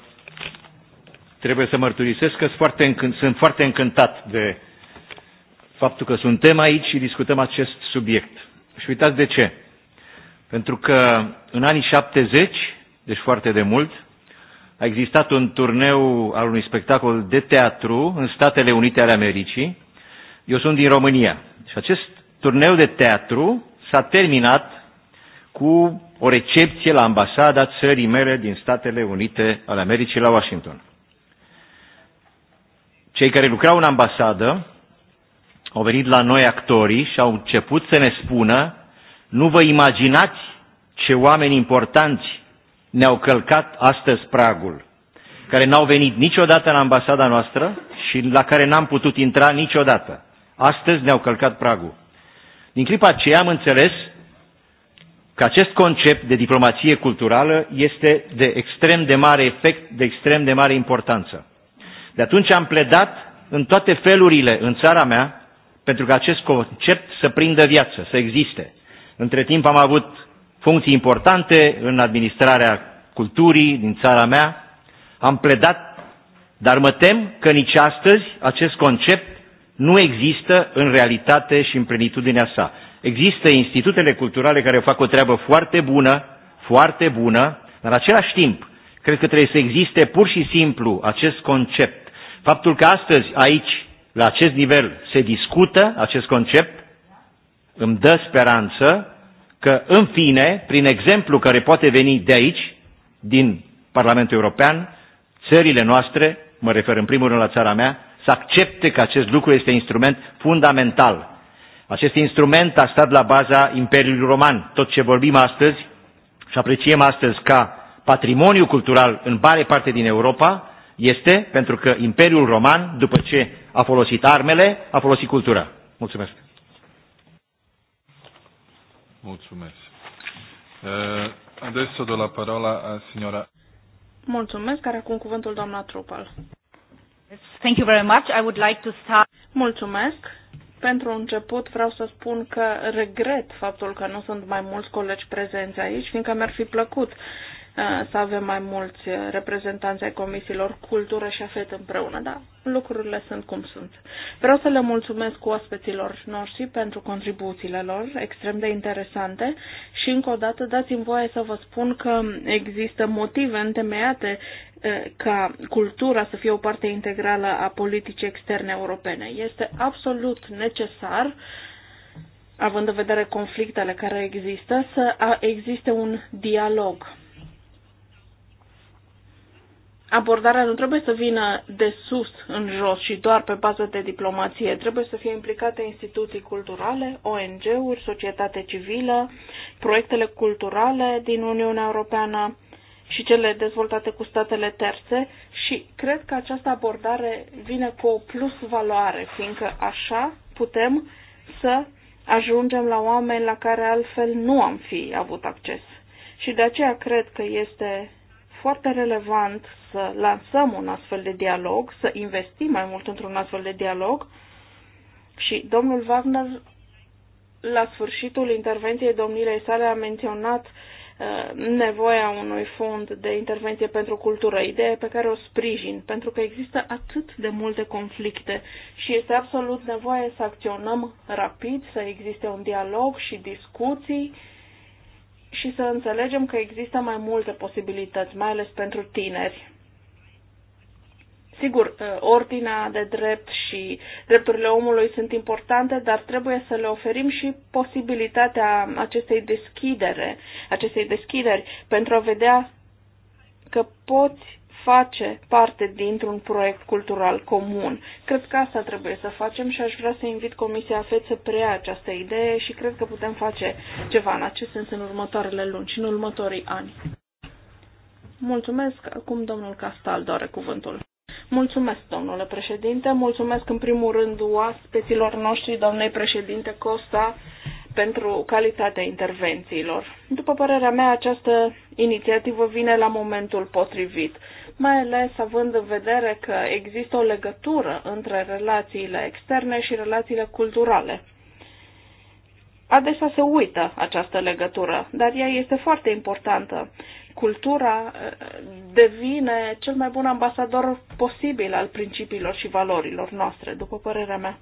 trebuie să mărturisesc că sunt foarte, încânt, sunt foarte încântat de faptul că suntem aici și discutăm acest subiect. Și uitați de ce. Pentru că în anii 70, deci foarte de mult, a existat un turneu al unui spectacol de teatru în Statele Unite ale Americii. Eu sunt din România și acest turneu de teatru s-a terminat cu o recepție la ambasada țării mele din Statele Unite ale Americii la Washington. Cei care lucrau în ambasadă au venit la noi actorii și au început să ne spună nu vă imaginați ce oameni importanți ne-au călcat astăzi pragul, care n-au venit niciodată la ambasada noastră și la care n-am putut intra niciodată. Astăzi ne-au călcat pragul. Din clipa aceea am înțeles că acest concept de diplomație culturală este de extrem de mare efect, de extrem de mare importanță. De atunci am pledat în toate felurile în țara mea pentru că acest concept să prindă viață, să existe. Între timp am avut funcții importante în administrarea culturii din țara mea. Am pledat, dar mă tem că nici astăzi acest concept nu există în realitate și în plenitudinea sa. Există institutele culturale care fac o treabă foarte bună, foarte bună, dar în același timp cred că trebuie să existe pur și simplu acest concept. Faptul că astăzi aici, la acest nivel, se discută acest concept, îmi dă speranță că, în fine, prin exemplu care poate veni de aici, din Parlamentul European, țările noastre, mă refer în primul rând la țara mea, să accepte că acest lucru este instrument fundamental. Acest instrument a stat la baza Imperiului Roman. Tot ce vorbim astăzi și apreciem astăzi ca patrimoniu cultural în mare parte din Europa este pentru că Imperiul Roman, după ce a folosit armele, a folosit cultura. Mulțumesc! Mulțumesc. Uh, adesso do la parola a signora. Mulțumesc, care acum cuvântul doamna Trupal. Thank you very much. I would like to start. Mulțumesc. Pentru început vreau să spun că regret faptul că nu sunt mai mulți colegi prezenți aici, fiindcă mi-ar fi plăcut Eh, să avem mai mulți eh, reprezentanți ai comisiilor cultură și afet împreună, dar lucrurile sunt cum sunt. Vreau să le mulțumesc oaspeților noștri pentru contribuțiile lor, extrem de interesante și încă o dată dați-mi voie să vă spun că există motive întemeiate eh, ca cultura să fie o parte integrală a politicii externe europene. Este absolut necesar având în vedere conflictele care există, să existe un dialog abordarea nu trebuie să vină de sus în jos și doar pe bază de diplomație. Trebuie să fie implicate instituții culturale, ONG-uri, societate civilă, proiectele culturale din Uniunea Europeană și cele dezvoltate cu statele terțe și cred că această abordare vine cu o plus valoare, fiindcă așa putem să ajungem la oameni la care altfel nu am fi avut acces. Și de aceea cred că este foarte relevant să lansăm un astfel de dialog, să investim mai mult într-un astfel de dialog. Și domnul Wagner, la sfârșitul intervenției domnilei sale, a menționat uh, nevoia unui fond de intervenție pentru cultură, idee pe care o sprijin, pentru că există atât de multe conflicte și este absolut nevoie să acționăm rapid, să existe un dialog și discuții și să înțelegem că există mai multe posibilități, mai ales pentru tineri. Sigur, uh, ordinea de drept și drepturile omului sunt importante, dar trebuie să le oferim și posibilitatea acestei deschidere, acestei deschideri pentru a vedea că poți face parte dintr-un proiect cultural comun. Cred că asta trebuie să facem și aș vrea să invit Comisia FED să preia această idee și cred că putem face ceva în acest sens în următoarele luni și în următorii ani. Mulțumesc. Acum domnul Castal doare cuvântul. Mulțumesc, domnule președinte. Mulțumesc în primul rând oaspeților noștri, doamnei președinte Costa, pentru calitatea intervențiilor. După părerea mea, această inițiativă vine la momentul potrivit mai ales având în vedere că există o legătură între relațiile externe și relațiile culturale. Adesea se uită această legătură, dar ea este foarte importantă. Cultura eh, devine cel mai bun ambasador posibil al principiilor și valorilor noastre, după părerea mea.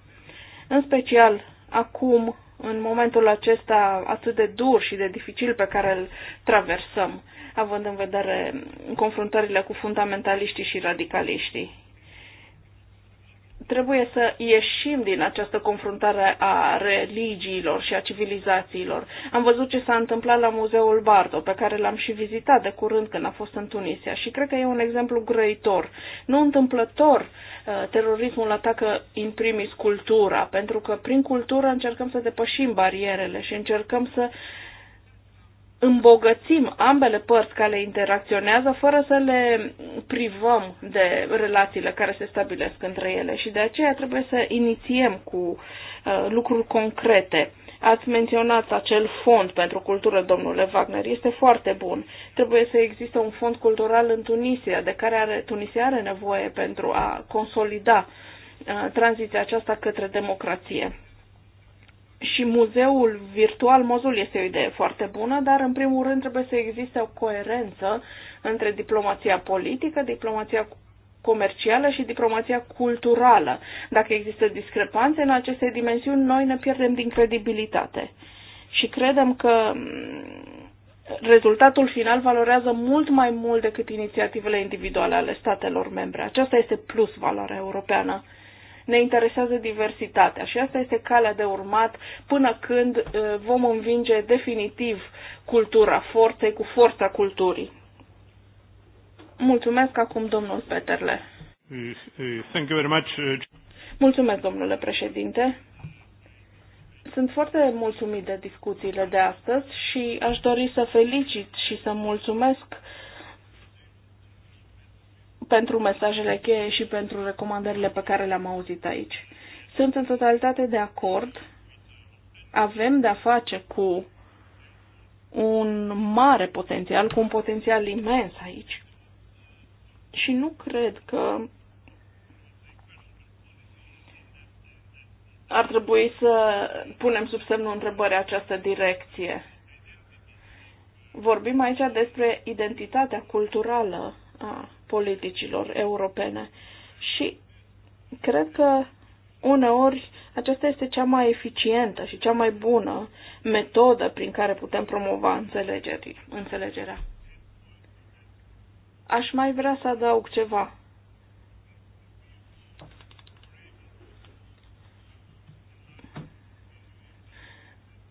În special, acum, în momentul acesta atât de dur și de dificil pe care îl traversăm având în vedere confruntările cu fundamentaliștii și radicaliștii. Trebuie să ieșim din această confruntare a religiilor și a civilizațiilor. Am văzut ce s-a întâmplat la Muzeul Bardo, pe care l-am și vizitat de curând când a fost în Tunisia și cred că e un exemplu grăitor. Nu întâmplător uh, terorismul atacă in primis cultura, pentru că prin cultură încercăm să depășim barierele și încercăm să îmbogățim ambele părți care interacționează fără să le privăm de relațiile care se stabilesc între ele și de aceea trebuie să inițiem cu uh, lucruri concrete. Ați menționat acel fond pentru cultură, domnule Wagner, este foarte bun. Trebuie să existe un fond cultural în Tunisia, de care are, Tunisia are nevoie pentru a consolida uh, tranziția aceasta către democrație și muzeul virtual Mozul este o idee foarte bună, dar în primul rând trebuie să existe o coerență între diplomația politică, diplomația comercială și diplomația culturală. Dacă există discrepanțe în aceste dimensiuni, noi ne pierdem din credibilitate. Și credem că mm, rezultatul final valorează mult mai mult decât inițiativele individuale ale statelor membre. Aceasta este plus valoarea europeană. Ne interesează diversitatea și asta este calea de urmat până când uh, vom învinge definitiv cultura forței cu forța culturii. Mulțumesc acum domnul Peterle. Thank you very much. Uh, mulțumesc, domnule președinte. Sunt foarte mulțumit de discuțiile de astăzi și aș dori să felicit și să mulțumesc pentru mesajele cheie și pentru recomandările pe care le-am auzit aici. Sunt în totalitate de acord. Avem de-a face cu un mare potențial, cu un potențial imens aici. Și nu cred că ar trebui să punem sub semnul întrebării această direcție. Vorbim aici despre identitatea culturală a politicilor europene. Și cred că uneori aceasta este cea mai eficientă și cea mai bună metodă prin care putem promova înțelegerea. Aș mai vrea să adaug ceva.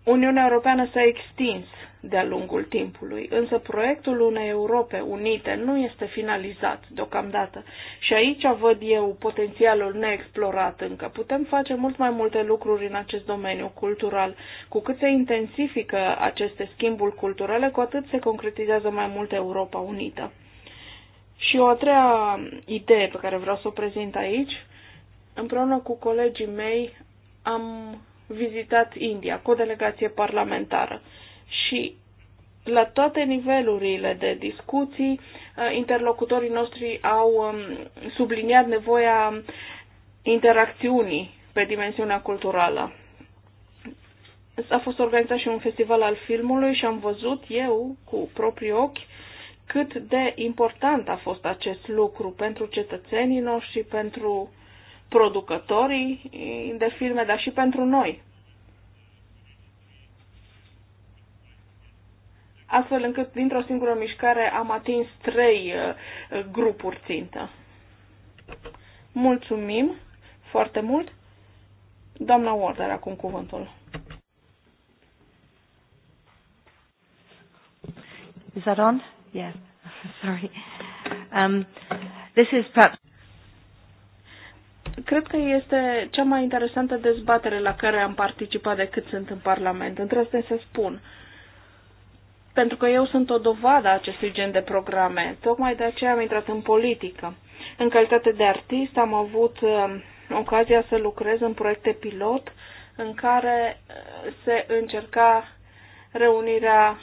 Uniunea Europeană s-a extins de-a lungul timpului. Însă proiectul unei Europe unite nu este finalizat deocamdată și aici văd eu potențialul neexplorat încă. Putem face mult mai multe lucruri în acest domeniu cultural. Cu cât se intensifică aceste schimburi culturale, cu atât se concretizează mai mult Europa unită. Și o a treia idee pe care vreau să o prezint aici, împreună cu colegii mei am vizitat India cu o delegație parlamentară și la toate nivelurile de discuții, uh, interlocutorii noștri au um, subliniat nevoia interacțiunii pe dimensiunea culturală. A fost organizat și un festival al filmului și am văzut eu cu proprii ochi cât de important a fost acest lucru pentru cetățenii noștri, pentru producătorii de filme, dar și pentru noi. astfel încât dintr-o singură mișcare am atins trei uh, grupuri țintă. Mulțumim foarte mult. Doamna Ward are acum cuvântul. Is that on? Yeah. Sorry. Um, this is perhaps cred că este cea mai interesantă dezbatere la care am participat de cât sunt în Parlament. într Într-o să spun pentru că eu sunt o dovadă a acestui gen de programe. Tocmai de aceea am intrat în politică. În calitate de artist am avut um, ocazia să lucrez în proiecte pilot în care uh, se încerca reunirea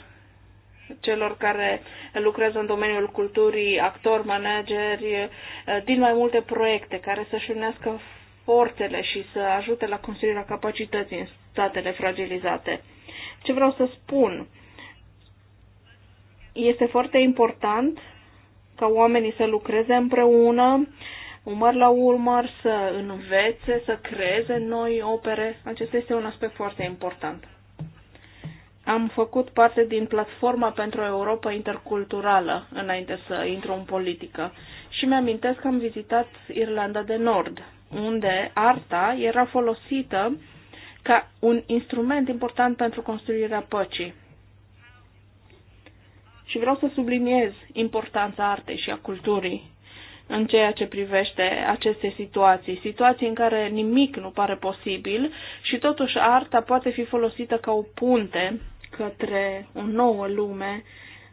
celor care lucrează în domeniul culturii, actori, manageri, uh, din mai multe proiecte care să-și unească forțele și să ajute la construirea capacității în statele fragilizate. Ce vreau să spun este foarte important ca oamenii să lucreze împreună, umăr la umăr, să învețe, să creeze noi opere. Acesta este un aspect foarte important. Am făcut parte din platforma pentru Europa interculturală înainte să intru în politică și mi-amintesc că am vizitat Irlanda de Nord, unde arta era folosită ca un instrument important pentru construirea păcii. Și vreau să subliniez importanța artei și a culturii în ceea ce privește aceste situații, situații în care nimic nu pare posibil și totuși arta poate fi folosită ca o punte către o nouă lume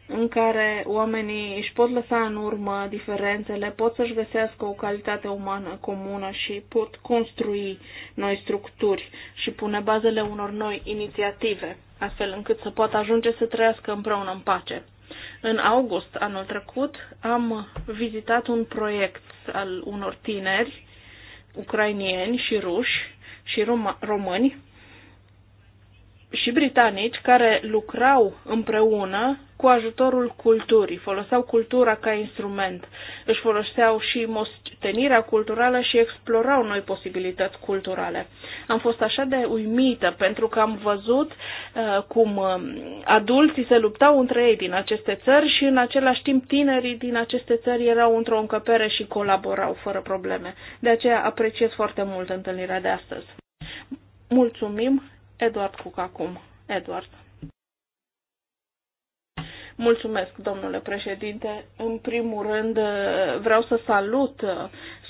în care oamenii își pot lăsa în urmă diferențele, pot să-și găsească o calitate umană comună și pot construi noi structuri și pune bazele unor noi inițiative, astfel încât să poată ajunge să trăiască împreună în pace. În august anul trecut am vizitat un proiect al unor tineri ucrainieni și ruși și rom- români și britanici care lucrau împreună cu ajutorul culturii, foloseau cultura ca instrument, își foloseau și moștenirea culturală și explorau noi posibilități culturale. Am fost așa de uimită pentru că am văzut uh, cum uh, adulții se luptau între ei din aceste țări și în același timp tinerii din aceste țări erau într-o încăpere și colaborau fără probleme. De aceea apreciez foarte mult întâlnirea de astăzi. Mulțumim, Edward Cook acum. Edward. Mulțumesc, domnule președinte. În primul rând, vreau să salut uh,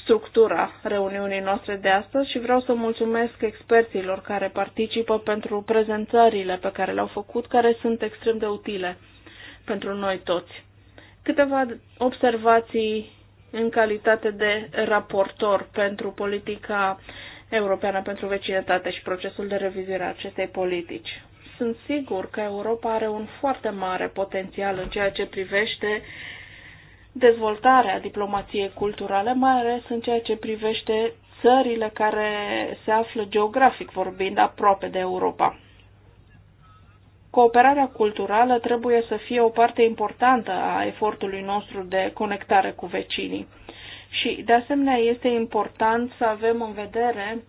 structura reuniunii noastre de astăzi și vreau să mulțumesc experților care participă pentru prezentările pe care le-au făcut, care sunt extrem de utile pentru noi toți. Câteva observații în calitate de raportor pentru politica Europeană pentru Vecinătate și procesul de revizuire a acestei politici. Sunt sigur că Europa are un foarte mare potențial în ceea ce privește dezvoltarea diplomației culturale, mai ales în ceea ce privește țările care se află geografic vorbind aproape de Europa. Cooperarea culturală trebuie să fie o parte importantă a efortului nostru de conectare cu vecinii. Și, de asemenea, este important să avem în vedere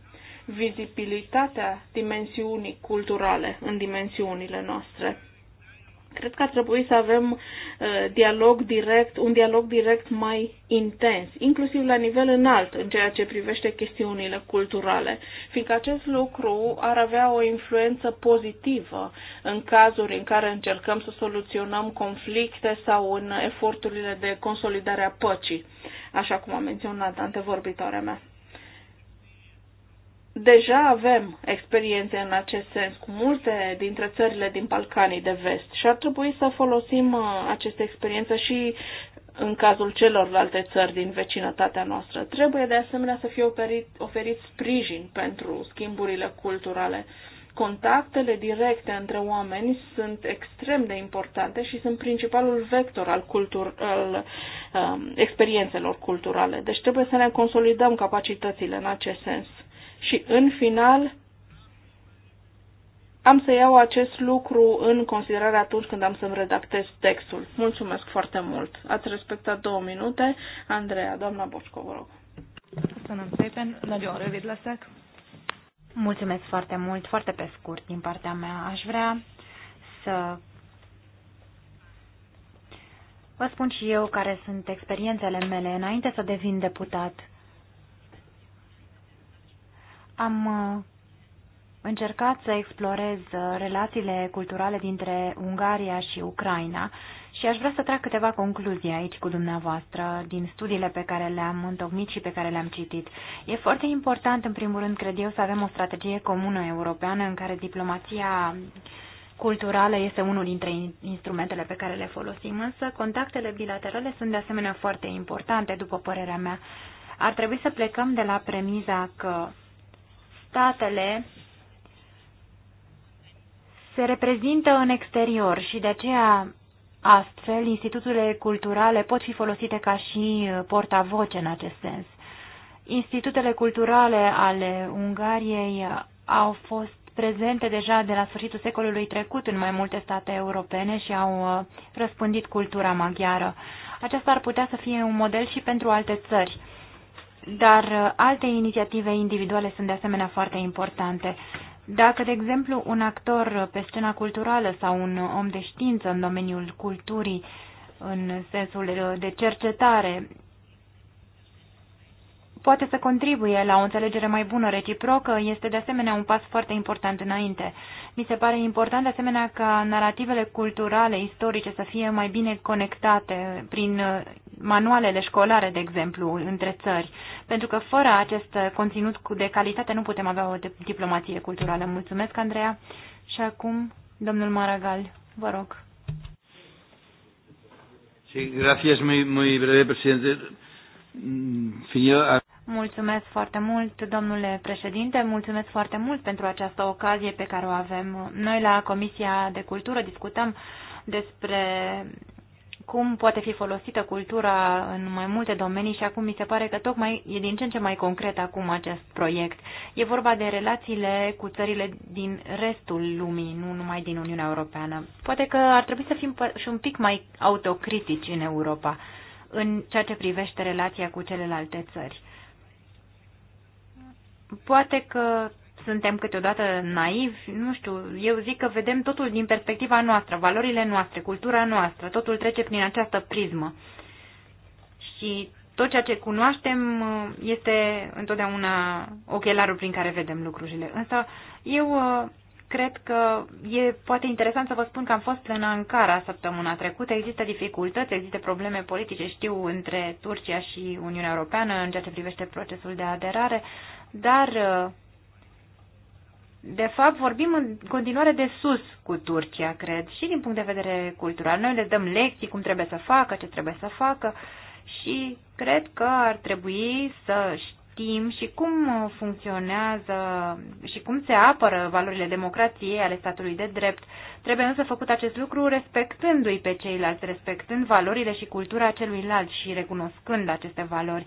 vizibilitatea dimensiunii culturale în dimensiunile noastre. Cred că ar trebui să avem uh, dialog direct, un dialog direct mai intens, inclusiv la nivel înalt, în ceea ce privește chestiunile culturale, fiindcă acest lucru ar avea o influență pozitivă în cazuri în care încercăm să soluționăm conflicte sau în eforturile de consolidare a păcii, așa cum a menționat antevorbitoarea mea. Deja avem experiențe în acest sens cu multe dintre țările din Balcanii de vest și ar trebui să folosim uh, aceste experiențe și în cazul celorlalte țări din vecinătatea noastră. Trebuie de asemenea să fie oferit, oferit sprijin pentru schimburile culturale. Contactele directe între oameni sunt extrem de importante și sunt principalul vector al, cultur, al um, experiențelor culturale. Deci trebuie să ne consolidăm capacitățile în acest sens și în final am să iau acest lucru în considerare atunci când am să-mi redactez textul. Mulțumesc foarte mult. Ați respectat două minute. Andreea, doamna Boșco, vă rog. Mulțumesc foarte mult, foarte pe scurt din partea mea. Aș vrea să vă spun și eu care sunt experiențele mele înainte să devin deputat. Am uh, încercat să explorez uh, relațiile culturale dintre Ungaria și Ucraina și aș vrea să trag câteva concluzii aici cu dumneavoastră din studiile pe care le-am întocmit și pe care le-am citit. E foarte important, în primul rând, cred eu, să avem o strategie comună europeană în care diplomația culturală este unul dintre instrumentele pe care le folosim, însă contactele bilaterale sunt de asemenea foarte importante, după părerea mea. Ar trebui să plecăm de la premiza că statele se reprezintă în exterior și de aceea astfel instituțiile culturale pot fi folosite ca și uh, portavoce în acest sens. Institutele culturale ale Ungariei au fost prezente deja de la sfârșitul secolului trecut în mai multe state europene și au uh, răspândit cultura maghiară. Aceasta ar putea să fie un model și pentru alte țări dar uh, alte inițiative individuale sunt de asemenea foarte importante. Dacă, de exemplu, un actor pe scena culturală sau un om de știință în domeniul culturii, în sensul uh, de cercetare, poate să contribuie la o înțelegere mai bună reciprocă, este de asemenea un pas foarte important înainte. Mi se pare important de asemenea ca narativele culturale, istorice să fie mai bine conectate prin uh, manualele școlare, de exemplu, între țări, pentru că fără acest conținut de calitate nu putem avea o diplomație culturală. Mulțumesc, Andreea. Și acum, domnul Maragal, vă rog. Sí, gracias, muy, muy breve, presidente. a mm, Mulțumesc foarte mult, domnule președinte, mulțumesc foarte mult pentru această ocazie pe care o avem. Noi la Comisia de Cultură discutăm despre cum poate fi folosită cultura în mai multe domenii și acum mi se pare că tocmai e din ce în ce mai concret acum acest proiect. E vorba de relațiile cu țările din restul lumii, nu numai din Uniunea Europeană. Poate că ar trebui să fim și un pic mai autocritici în Europa în ceea ce privește relația cu celelalte țări. Poate că suntem câteodată naivi, nu știu, eu zic că vedem totul din perspectiva noastră, valorile noastre, cultura noastră, totul trece prin această prismă. Și tot ceea ce cunoaștem uh, este întotdeauna ochelarul prin care vedem lucrurile. Însă eu uh, cred că e poate interesant să vă spun că am fost în Ankara săptămâna trecută. Există dificultăți, există probleme politice, știu, între Turcia și Uniunea Europeană în ceea ce privește procesul de aderare, dar uh, de fapt, vorbim în continuare de sus cu Turcia, cred, și din punct de vedere cultural. Noi le dăm lecții cum trebuie să facă, ce trebuie să facă și cred că ar trebui să știm și cum funcționează și cum se apără valorile democrației ale statului de drept. Trebuie însă făcut acest lucru respectându-i pe ceilalți, respectând valorile și cultura celuilalt și recunoscând aceste valori.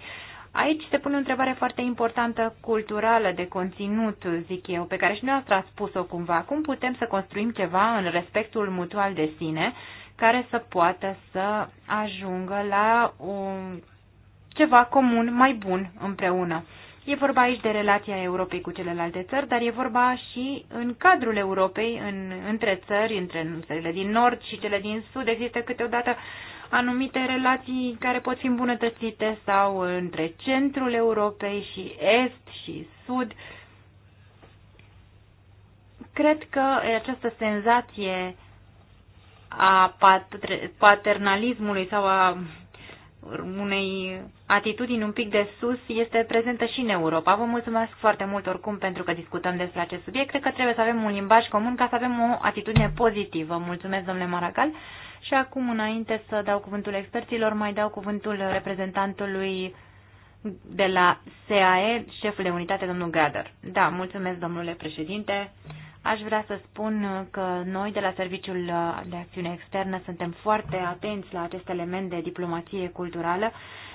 Aici se pune o întrebare foarte importantă culturală de conținut, zic eu, pe care și noi ați spus-o cumva. Cum putem să construim ceva în respectul mutual de sine care să poată să ajungă la un, ceva comun mai bun împreună? E vorba aici de relația Europei cu celelalte țări, dar e vorba și în cadrul Europei, în, între țări, între țările din nord și cele din sud, există câteodată uh, anumite relații care pot fi îmbunătățite sau între centrul Europei și est și sud. Cred că această senzație a paternalismului sau a unei atitudini un pic de sus este prezentă și în Europa. Vă mulțumesc foarte mult oricum pentru că discutăm despre acest subiect. Cred că trebuie să avem un limbaj comun ca să avem o atitudine pozitivă. Mulțumesc, domnule Maracal. Și acum, înainte să dau cuvântul experților, mai dau cuvântul reprezentantului de la SAE, șeful de unitate, domnul Gader. Da, mulțumesc, domnule președinte. Aș vrea să spun că noi de la Serviciul de Acțiune Externă suntem foarte atenți la acest element de diplomație culturală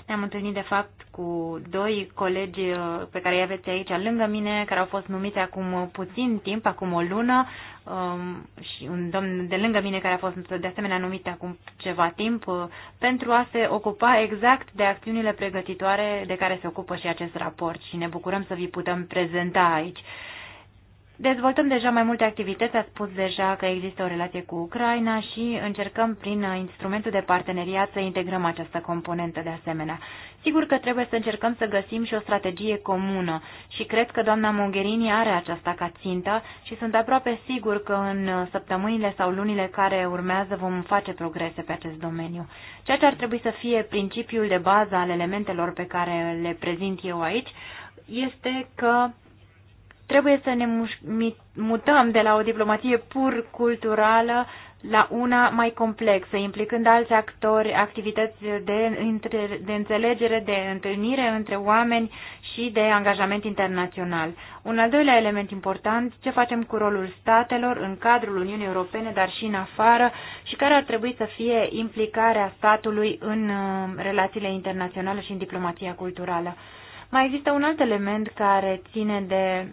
ne-am întâlnit, de fapt, cu doi colegi uh, pe care îi aveți aici lângă mine, care au fost numiți acum puțin timp, acum o lună, um, și un domn de lângă mine care a fost de asemenea numit acum ceva timp, uh, pentru a se ocupa exact de acțiunile pregătitoare de care se ocupă și acest raport și ne bucurăm să vi putem prezenta aici. Dezvoltăm deja mai multe activități, ați spus deja că există o relație cu Ucraina și încercăm prin instrumentul de parteneriat să integrăm această componentă de asemenea. Sigur că trebuie să încercăm să găsim și o strategie comună și cred că doamna Mogherini are aceasta ca țintă și sunt aproape sigur că în săptămânile sau lunile care urmează vom face progrese pe acest domeniu. Ceea ce ar trebui să fie principiul de bază al elementelor pe care le prezint eu aici este că Trebuie să ne mutăm de la o diplomatie pur culturală la una mai complexă, implicând alți actori, activități de, de înțelegere, de întâlnire între oameni și de angajament internațional. Un al doilea element important, ce facem cu rolul statelor în cadrul Uniunii Europene, dar și în afară, și care ar trebui să fie implicarea statului în uh, relațiile internaționale și în diplomația culturală. Mai există un alt element care ține de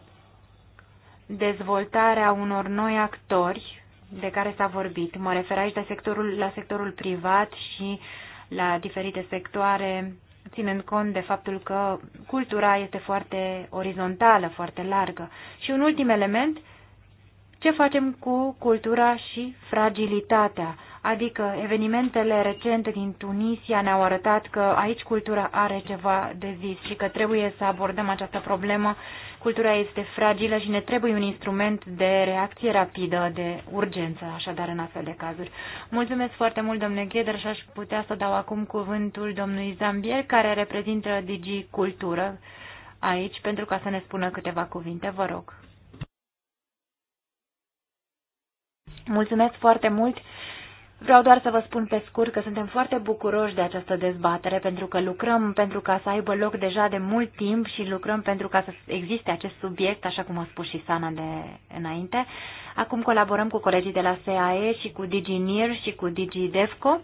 dezvoltarea unor noi actori de care s-a vorbit. Mă refer aici de sectorul, la sectorul privat și la diferite sectoare, ținând cont de faptul că cultura este foarte orizontală, foarte largă. Și un ultim element, ce facem cu cultura și fragilitatea? Adică evenimentele recente din Tunisia ne-au arătat că aici cultura are ceva de zis și că trebuie să abordăm această problemă Cultura este fragilă și ne trebuie un instrument de reacție rapidă, de urgență, așadar, în astfel de cazuri. Mulțumesc foarte mult, domnule Gheder, și aș putea să dau acum cuvântul domnului Zambier, care reprezintă Digi Cultură aici, pentru ca să ne spună câteva cuvinte. Vă rog. Mulțumesc foarte mult. Vreau doar să vă spun pe scurt că suntem foarte bucuroși de această dezbatere pentru că lucrăm pentru ca să aibă loc deja de mult timp și lucrăm pentru ca să existe acest subiect, așa cum a spus și Sana de înainte. Acum colaborăm cu colegii de la SAE și cu DigiNIR și cu DigiDevco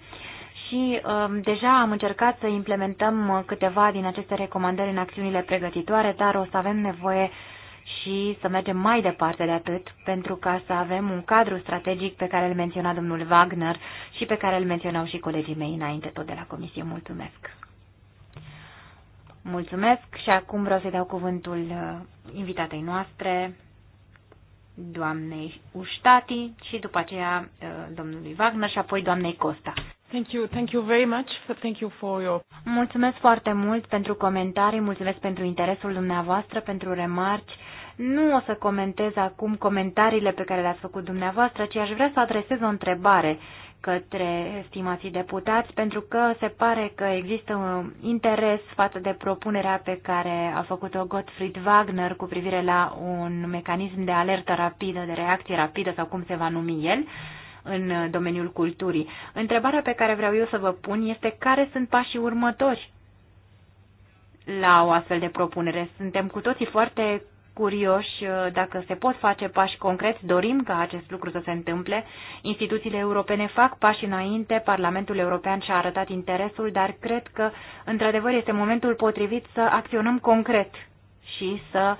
și um, deja am încercat să implementăm câteva din aceste recomandări în acțiunile pregătitoare, dar o să avem nevoie și să mergem mai departe de atât pentru ca să avem un cadru strategic pe care îl menționa domnul Wagner și pe care îl menționau și colegii mei înainte tot de la comisie. Mulțumesc! Mulțumesc și acum vreau să-i dau cuvântul uh, invitatei noastre, doamnei Uștati și după aceea uh, domnului Wagner și apoi doamnei Costa. Thank you, thank you very much. Thank you for your... Mulțumesc foarte mult pentru comentarii, mulțumesc pentru interesul dumneavoastră, pentru remarci. Nu o să comentez acum comentariile pe care le-ați făcut dumneavoastră, ci aș vrea să adresez o întrebare către estimații deputați, pentru că se pare că există un interes față de propunerea pe care a făcut-o Gottfried Wagner cu privire la un mecanism de alertă rapidă, de reacție rapidă sau cum se va numi el, în domeniul culturii. Întrebarea pe care vreau eu să vă pun este care sunt pașii următori la o astfel de propunere. Suntem cu toții foarte curioși uh, dacă se pot face pași concreți, dorim ca acest lucru să se întâmple. Instituțiile europene fac pași înainte, Parlamentul European și-a arătat interesul, dar cred că, într-adevăr, este momentul potrivit să acționăm concret și să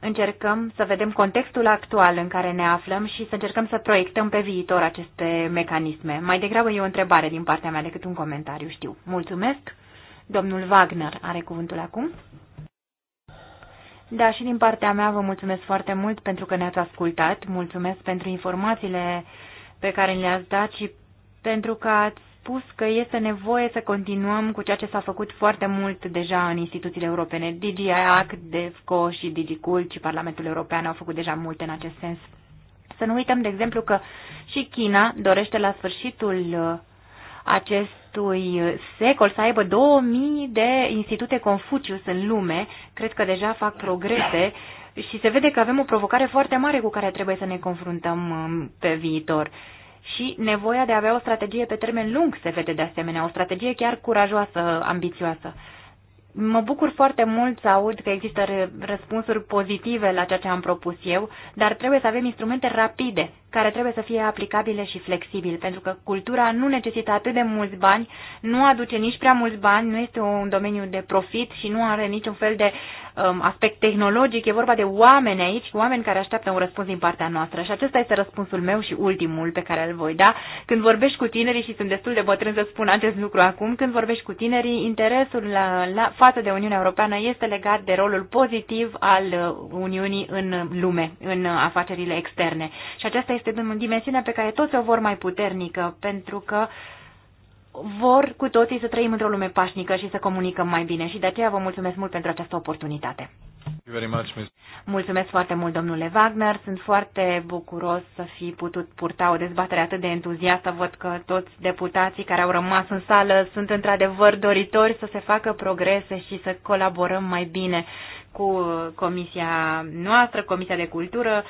încercăm să vedem contextul actual în care ne aflăm și să încercăm să proiectăm pe viitor aceste mecanisme. Mai degrabă e o întrebare din partea mea decât un comentariu, știu. Mulțumesc! Domnul Wagner are cuvântul acum. Da, și din partea mea vă mulțumesc foarte mult pentru că ne-ați ascultat, mulțumesc pentru informațiile pe care le-ați dat și pentru că ați spus că este nevoie să continuăm cu ceea ce s-a făcut foarte mult deja în instituțiile europene. DGIAC, DEFCO și DigiCult și Parlamentul European au făcut deja multe în acest sens. Să nu uităm, de exemplu, că și China dorește la sfârșitul acestui secol să aibă 2000 de institute Confucius în lume. Cred că deja fac progrese și se vede că avem o provocare foarte mare cu care trebuie să ne confruntăm um, pe viitor. Și nevoia de a avea o strategie pe termen lung se vede de asemenea, o strategie chiar curajoasă, ambițioasă. Mă bucur foarte mult să aud că există răspunsuri pozitive la ceea ce am propus eu, dar trebuie să avem instrumente rapide care trebuie să fie aplicabile și flexibile, pentru că cultura nu necesită atât de mulți bani, nu aduce nici prea mulți bani, nu este un domeniu de profit și nu are niciun fel de um, aspect tehnologic, e vorba de oameni aici, oameni care așteaptă un răspuns din partea noastră. Și acesta este răspunsul meu și ultimul pe care îl voi da. Când vorbești cu tinerii, și sunt destul de bătrân să spun acest lucru acum, când vorbești cu tinerii, interesul la, la, față de Uniunea Europeană este legat de rolul pozitiv al uh, Uniunii în lume, în uh, afacerile externe. Și aceasta este este dimensiunea pe care toți o vor mai puternică, pentru că vor cu toții să trăim într-o lume pașnică și să comunicăm mai bine și de aceea vă mulțumesc mult pentru această oportunitate. Mulțumesc foarte mult, domnule Wagner. Sunt foarte bucuros să fi putut purta o dezbatere atât de entuziastă. Văd că toți deputații care au rămas în sală sunt într-adevăr doritori să se facă progrese și să colaborăm mai bine cu comisia noastră, Comisia de Cultură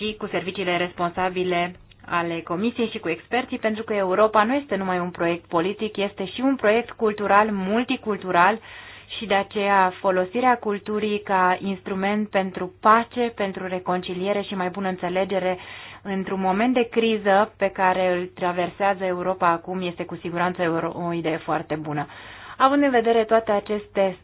și cu serviciile responsabile ale Comisiei și cu experții, pentru că Europa nu este numai un proiect politic, este și un proiect cultural, multicultural și de aceea folosirea culturii ca instrument pentru pace, pentru reconciliere și mai bună înțelegere într-un moment de criză pe care îl traversează Europa acum este cu siguranță o idee foarte bună. Având în vedere toate aceste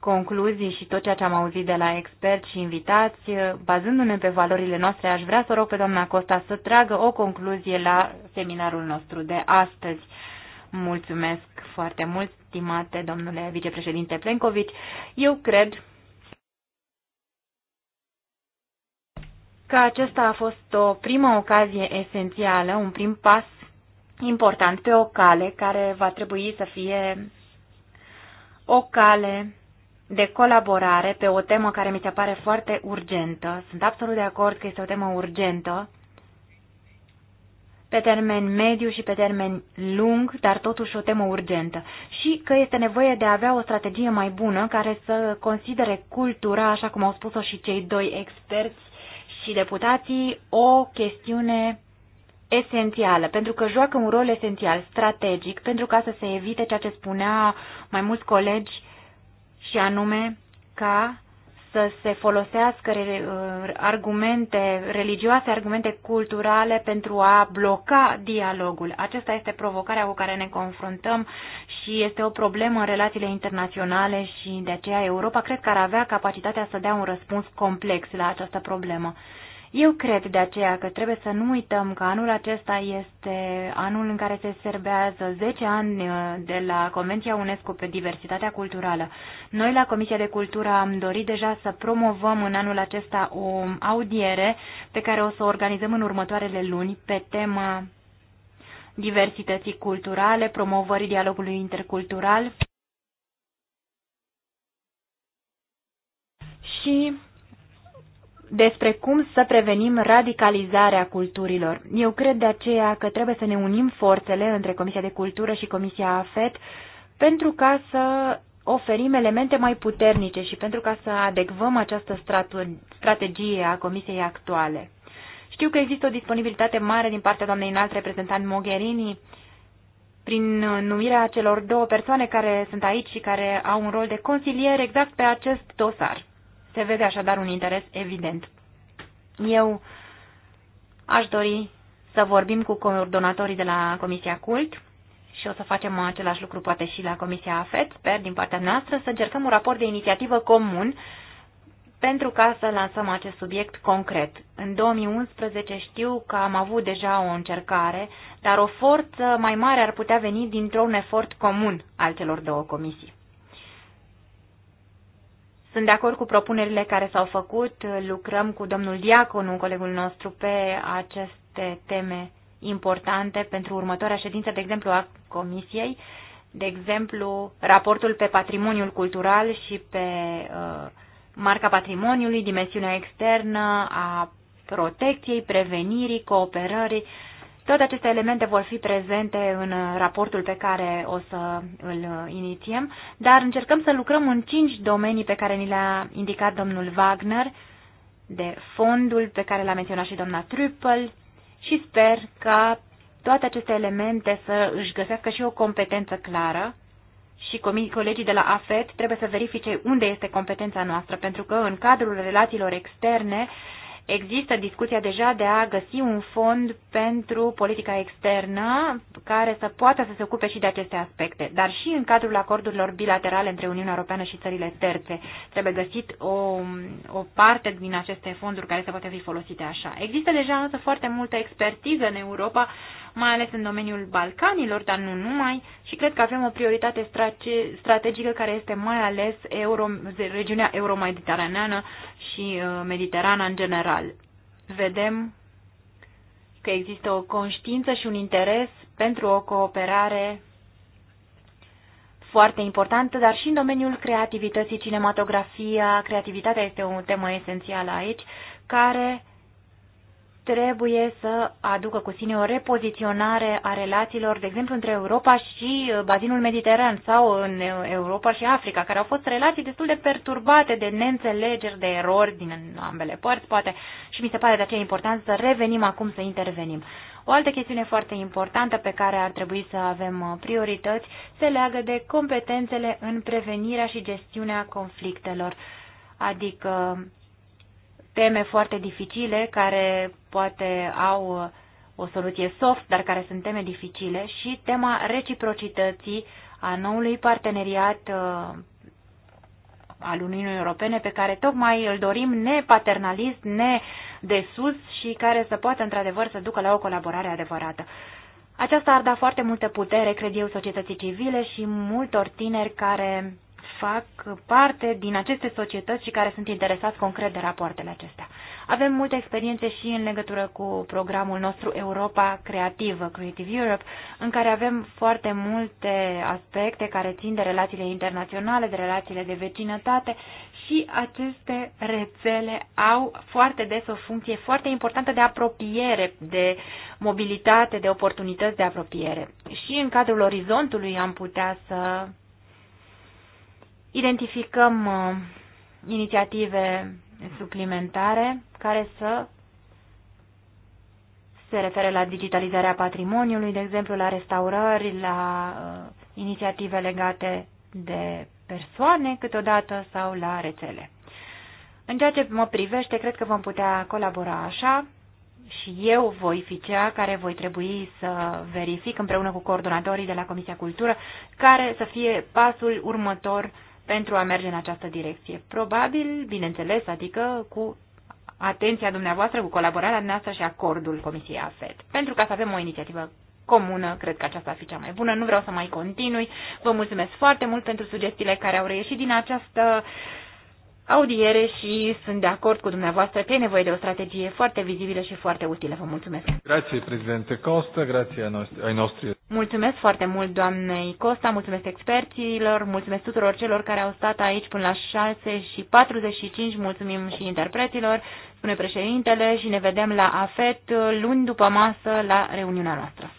concluzii și tot ceea ce am auzit de la experți și invitați, bazându-ne pe valorile noastre, aș vrea să rog pe doamna Costa să tragă o concluzie la seminarul nostru de astăzi. Mulțumesc foarte mult, stimate domnule vicepreședinte Plencovici. Eu cred că acesta a fost o primă ocazie esențială, un prim pas important pe o cale care va trebui să fie o cale de colaborare pe o temă care mi se pare foarte urgentă. Sunt absolut de acord că este o temă urgentă pe termen mediu și pe termen lung, dar totuși o temă urgentă. Și că este nevoie de a avea o strategie mai bună care să considere cultura, așa cum au spus-o și cei doi experți și deputații, o chestiune esențială, pentru că joacă un rol esențial, strategic, pentru ca să se evite ceea ce spunea mai mulți colegi și anume ca să se folosească uh, argumente religioase, argumente culturale pentru a bloca dialogul. Aceasta este provocarea cu care ne confruntăm și este o problemă în relațiile internaționale și de aceea Europa cred că ar avea capacitatea să dea un răspuns complex la această problemă. Eu cred de aceea că trebuie să nu uităm că anul acesta este anul în care se serbează 10 ani uh, de la Convenția UNESCO pe diversitatea culturală. Noi la Comisia de Cultură am dorit deja să promovăm în anul acesta o audiere pe care o să o organizăm în următoarele luni pe tema diversității culturale, promovării dialogului intercultural și despre cum să prevenim radicalizarea culturilor. Eu cred de aceea că trebuie să ne unim forțele între Comisia de Cultură și Comisia AFET pentru ca să oferim elemente mai puternice și pentru ca să adecvăm această strategie a Comisiei actuale. Știu că există o disponibilitate mare din partea doamnei înalt reprezentant Mogherini prin numirea celor două persoane care sunt aici și care au un rol de consilier exact pe acest dosar. Se vede așadar un interes evident. Eu aș dori să vorbim cu coordonatorii de la Comisia Cult și o să facem același lucru poate și la Comisia AFET, sper, din partea noastră, să încercăm un raport de inițiativă comun pentru ca să lansăm acest subiect concret. În 2011 știu că am avut deja o încercare, dar o forță mai mare ar putea veni dintr-un efort comun al celor două comisii. Sunt de acord cu propunerile care s-au făcut. Lucrăm cu domnul Diaconu, colegul nostru, pe aceste teme importante pentru următoarea ședință, de exemplu, a Comisiei, de exemplu, raportul pe patrimoniul cultural și pe uh, marca patrimoniului, dimensiunea externă a protecției, prevenirii, cooperării. Uh, toate aceste elemente vor fi prezente în uh, raportul pe care o să îl uh, inițiem, dar încercăm să lucrăm în cinci domenii pe care ni le-a indicat domnul Wagner, de fondul pe care l-a menționat și doamna Trüppel și sper ca toate aceste elemente să își găsească și o competență clară și colegii de la AFET trebuie să verifice unde este competența noastră, pentru că în cadrul relațiilor externe Există discuția deja de a găsi un fond pentru politica externă care să poată să se ocupe și de aceste aspecte, dar și în cadrul acordurilor bilaterale între Uniunea Europeană și țările terțe. Trebuie găsit o, o parte din aceste fonduri care să poate fi folosite așa. Există deja însă foarte multă expertiză în Europa mai ales în domeniul Balcanilor, dar nu numai, și cred că avem o prioritate strategică care este mai ales euro, regiunea euromediteraneană și uh, mediterana în general. Vedem că există o conștiință și un interes pentru o cooperare foarte importantă, dar și în domeniul creativității, cinematografia, creativitatea este o temă esențială aici, care trebuie să aducă cu sine o repoziționare a relațiilor, de exemplu, între Europa și uh, bazinul mediteran sau în Europa și Africa, care au fost relații destul de perturbate de neînțelegeri, de erori din ambele părți, poate, și mi se pare de aceea important să revenim acum, să intervenim. O altă chestiune foarte importantă pe care ar trebui să avem uh, priorități se leagă de competențele în prevenirea și gestiunea conflictelor, adică teme foarte dificile care poate au o soluție soft, dar care sunt teme dificile și tema reciprocității a noului parteneriat uh, al Uniunii Europene pe care tocmai îl dorim nepaternalist, ne de sus și care să poată într-adevăr să ducă la o colaborare adevărată. Aceasta ar da foarte multă putere, cred eu, societății civile și multor tineri care fac parte din aceste societăți și care sunt interesați concret de rapoartele acestea. Avem multe experiențe și în legătură cu programul nostru Europa Creativă, Creative Europe, în care avem foarte multe aspecte care țin de relațiile internaționale, de relațiile de vecinătate și aceste rețele au foarte des o funcție foarte importantă de apropiere, de mobilitate, de oportunități de apropiere. Și în cadrul orizontului am putea să identificăm uh, inițiative suplimentare care să se refere la digitalizarea patrimoniului, de exemplu, la restaurări, la uh, inițiative legate de persoane câteodată sau la rețele. În ceea ce mă privește, cred că vom putea colabora așa și eu voi fi cea care voi trebui să verific împreună cu coordonatorii de la Comisia Cultură care să fie pasul următor uh, pentru a merge în această direcție. Probabil, bineînțeles, adică cu atenția dumneavoastră, cu colaborarea noastră și acordul Comisiei AFET. Pentru ca să avem o inițiativă comună, cred că aceasta ar fi cea mai bună. Nu vreau să mai continui. Vă mulțumesc foarte mult pentru sugestiile care au reieșit din această uh, audiere și sunt de acord cu dumneavoastră că e nevoie de o strategie foarte vizibilă și foarte utilă. Vă mulțumesc. Grazie, președinte Costa, grazie ai noștri. Mulțumesc foarte mult doamnei Costa, mulțumesc experților, mulțumesc tuturor celor care au stat aici până la 6 și 45, mulțumim și interpreților, spune președintele și ne vedem la AFET luni după masă la reuniunea noastră.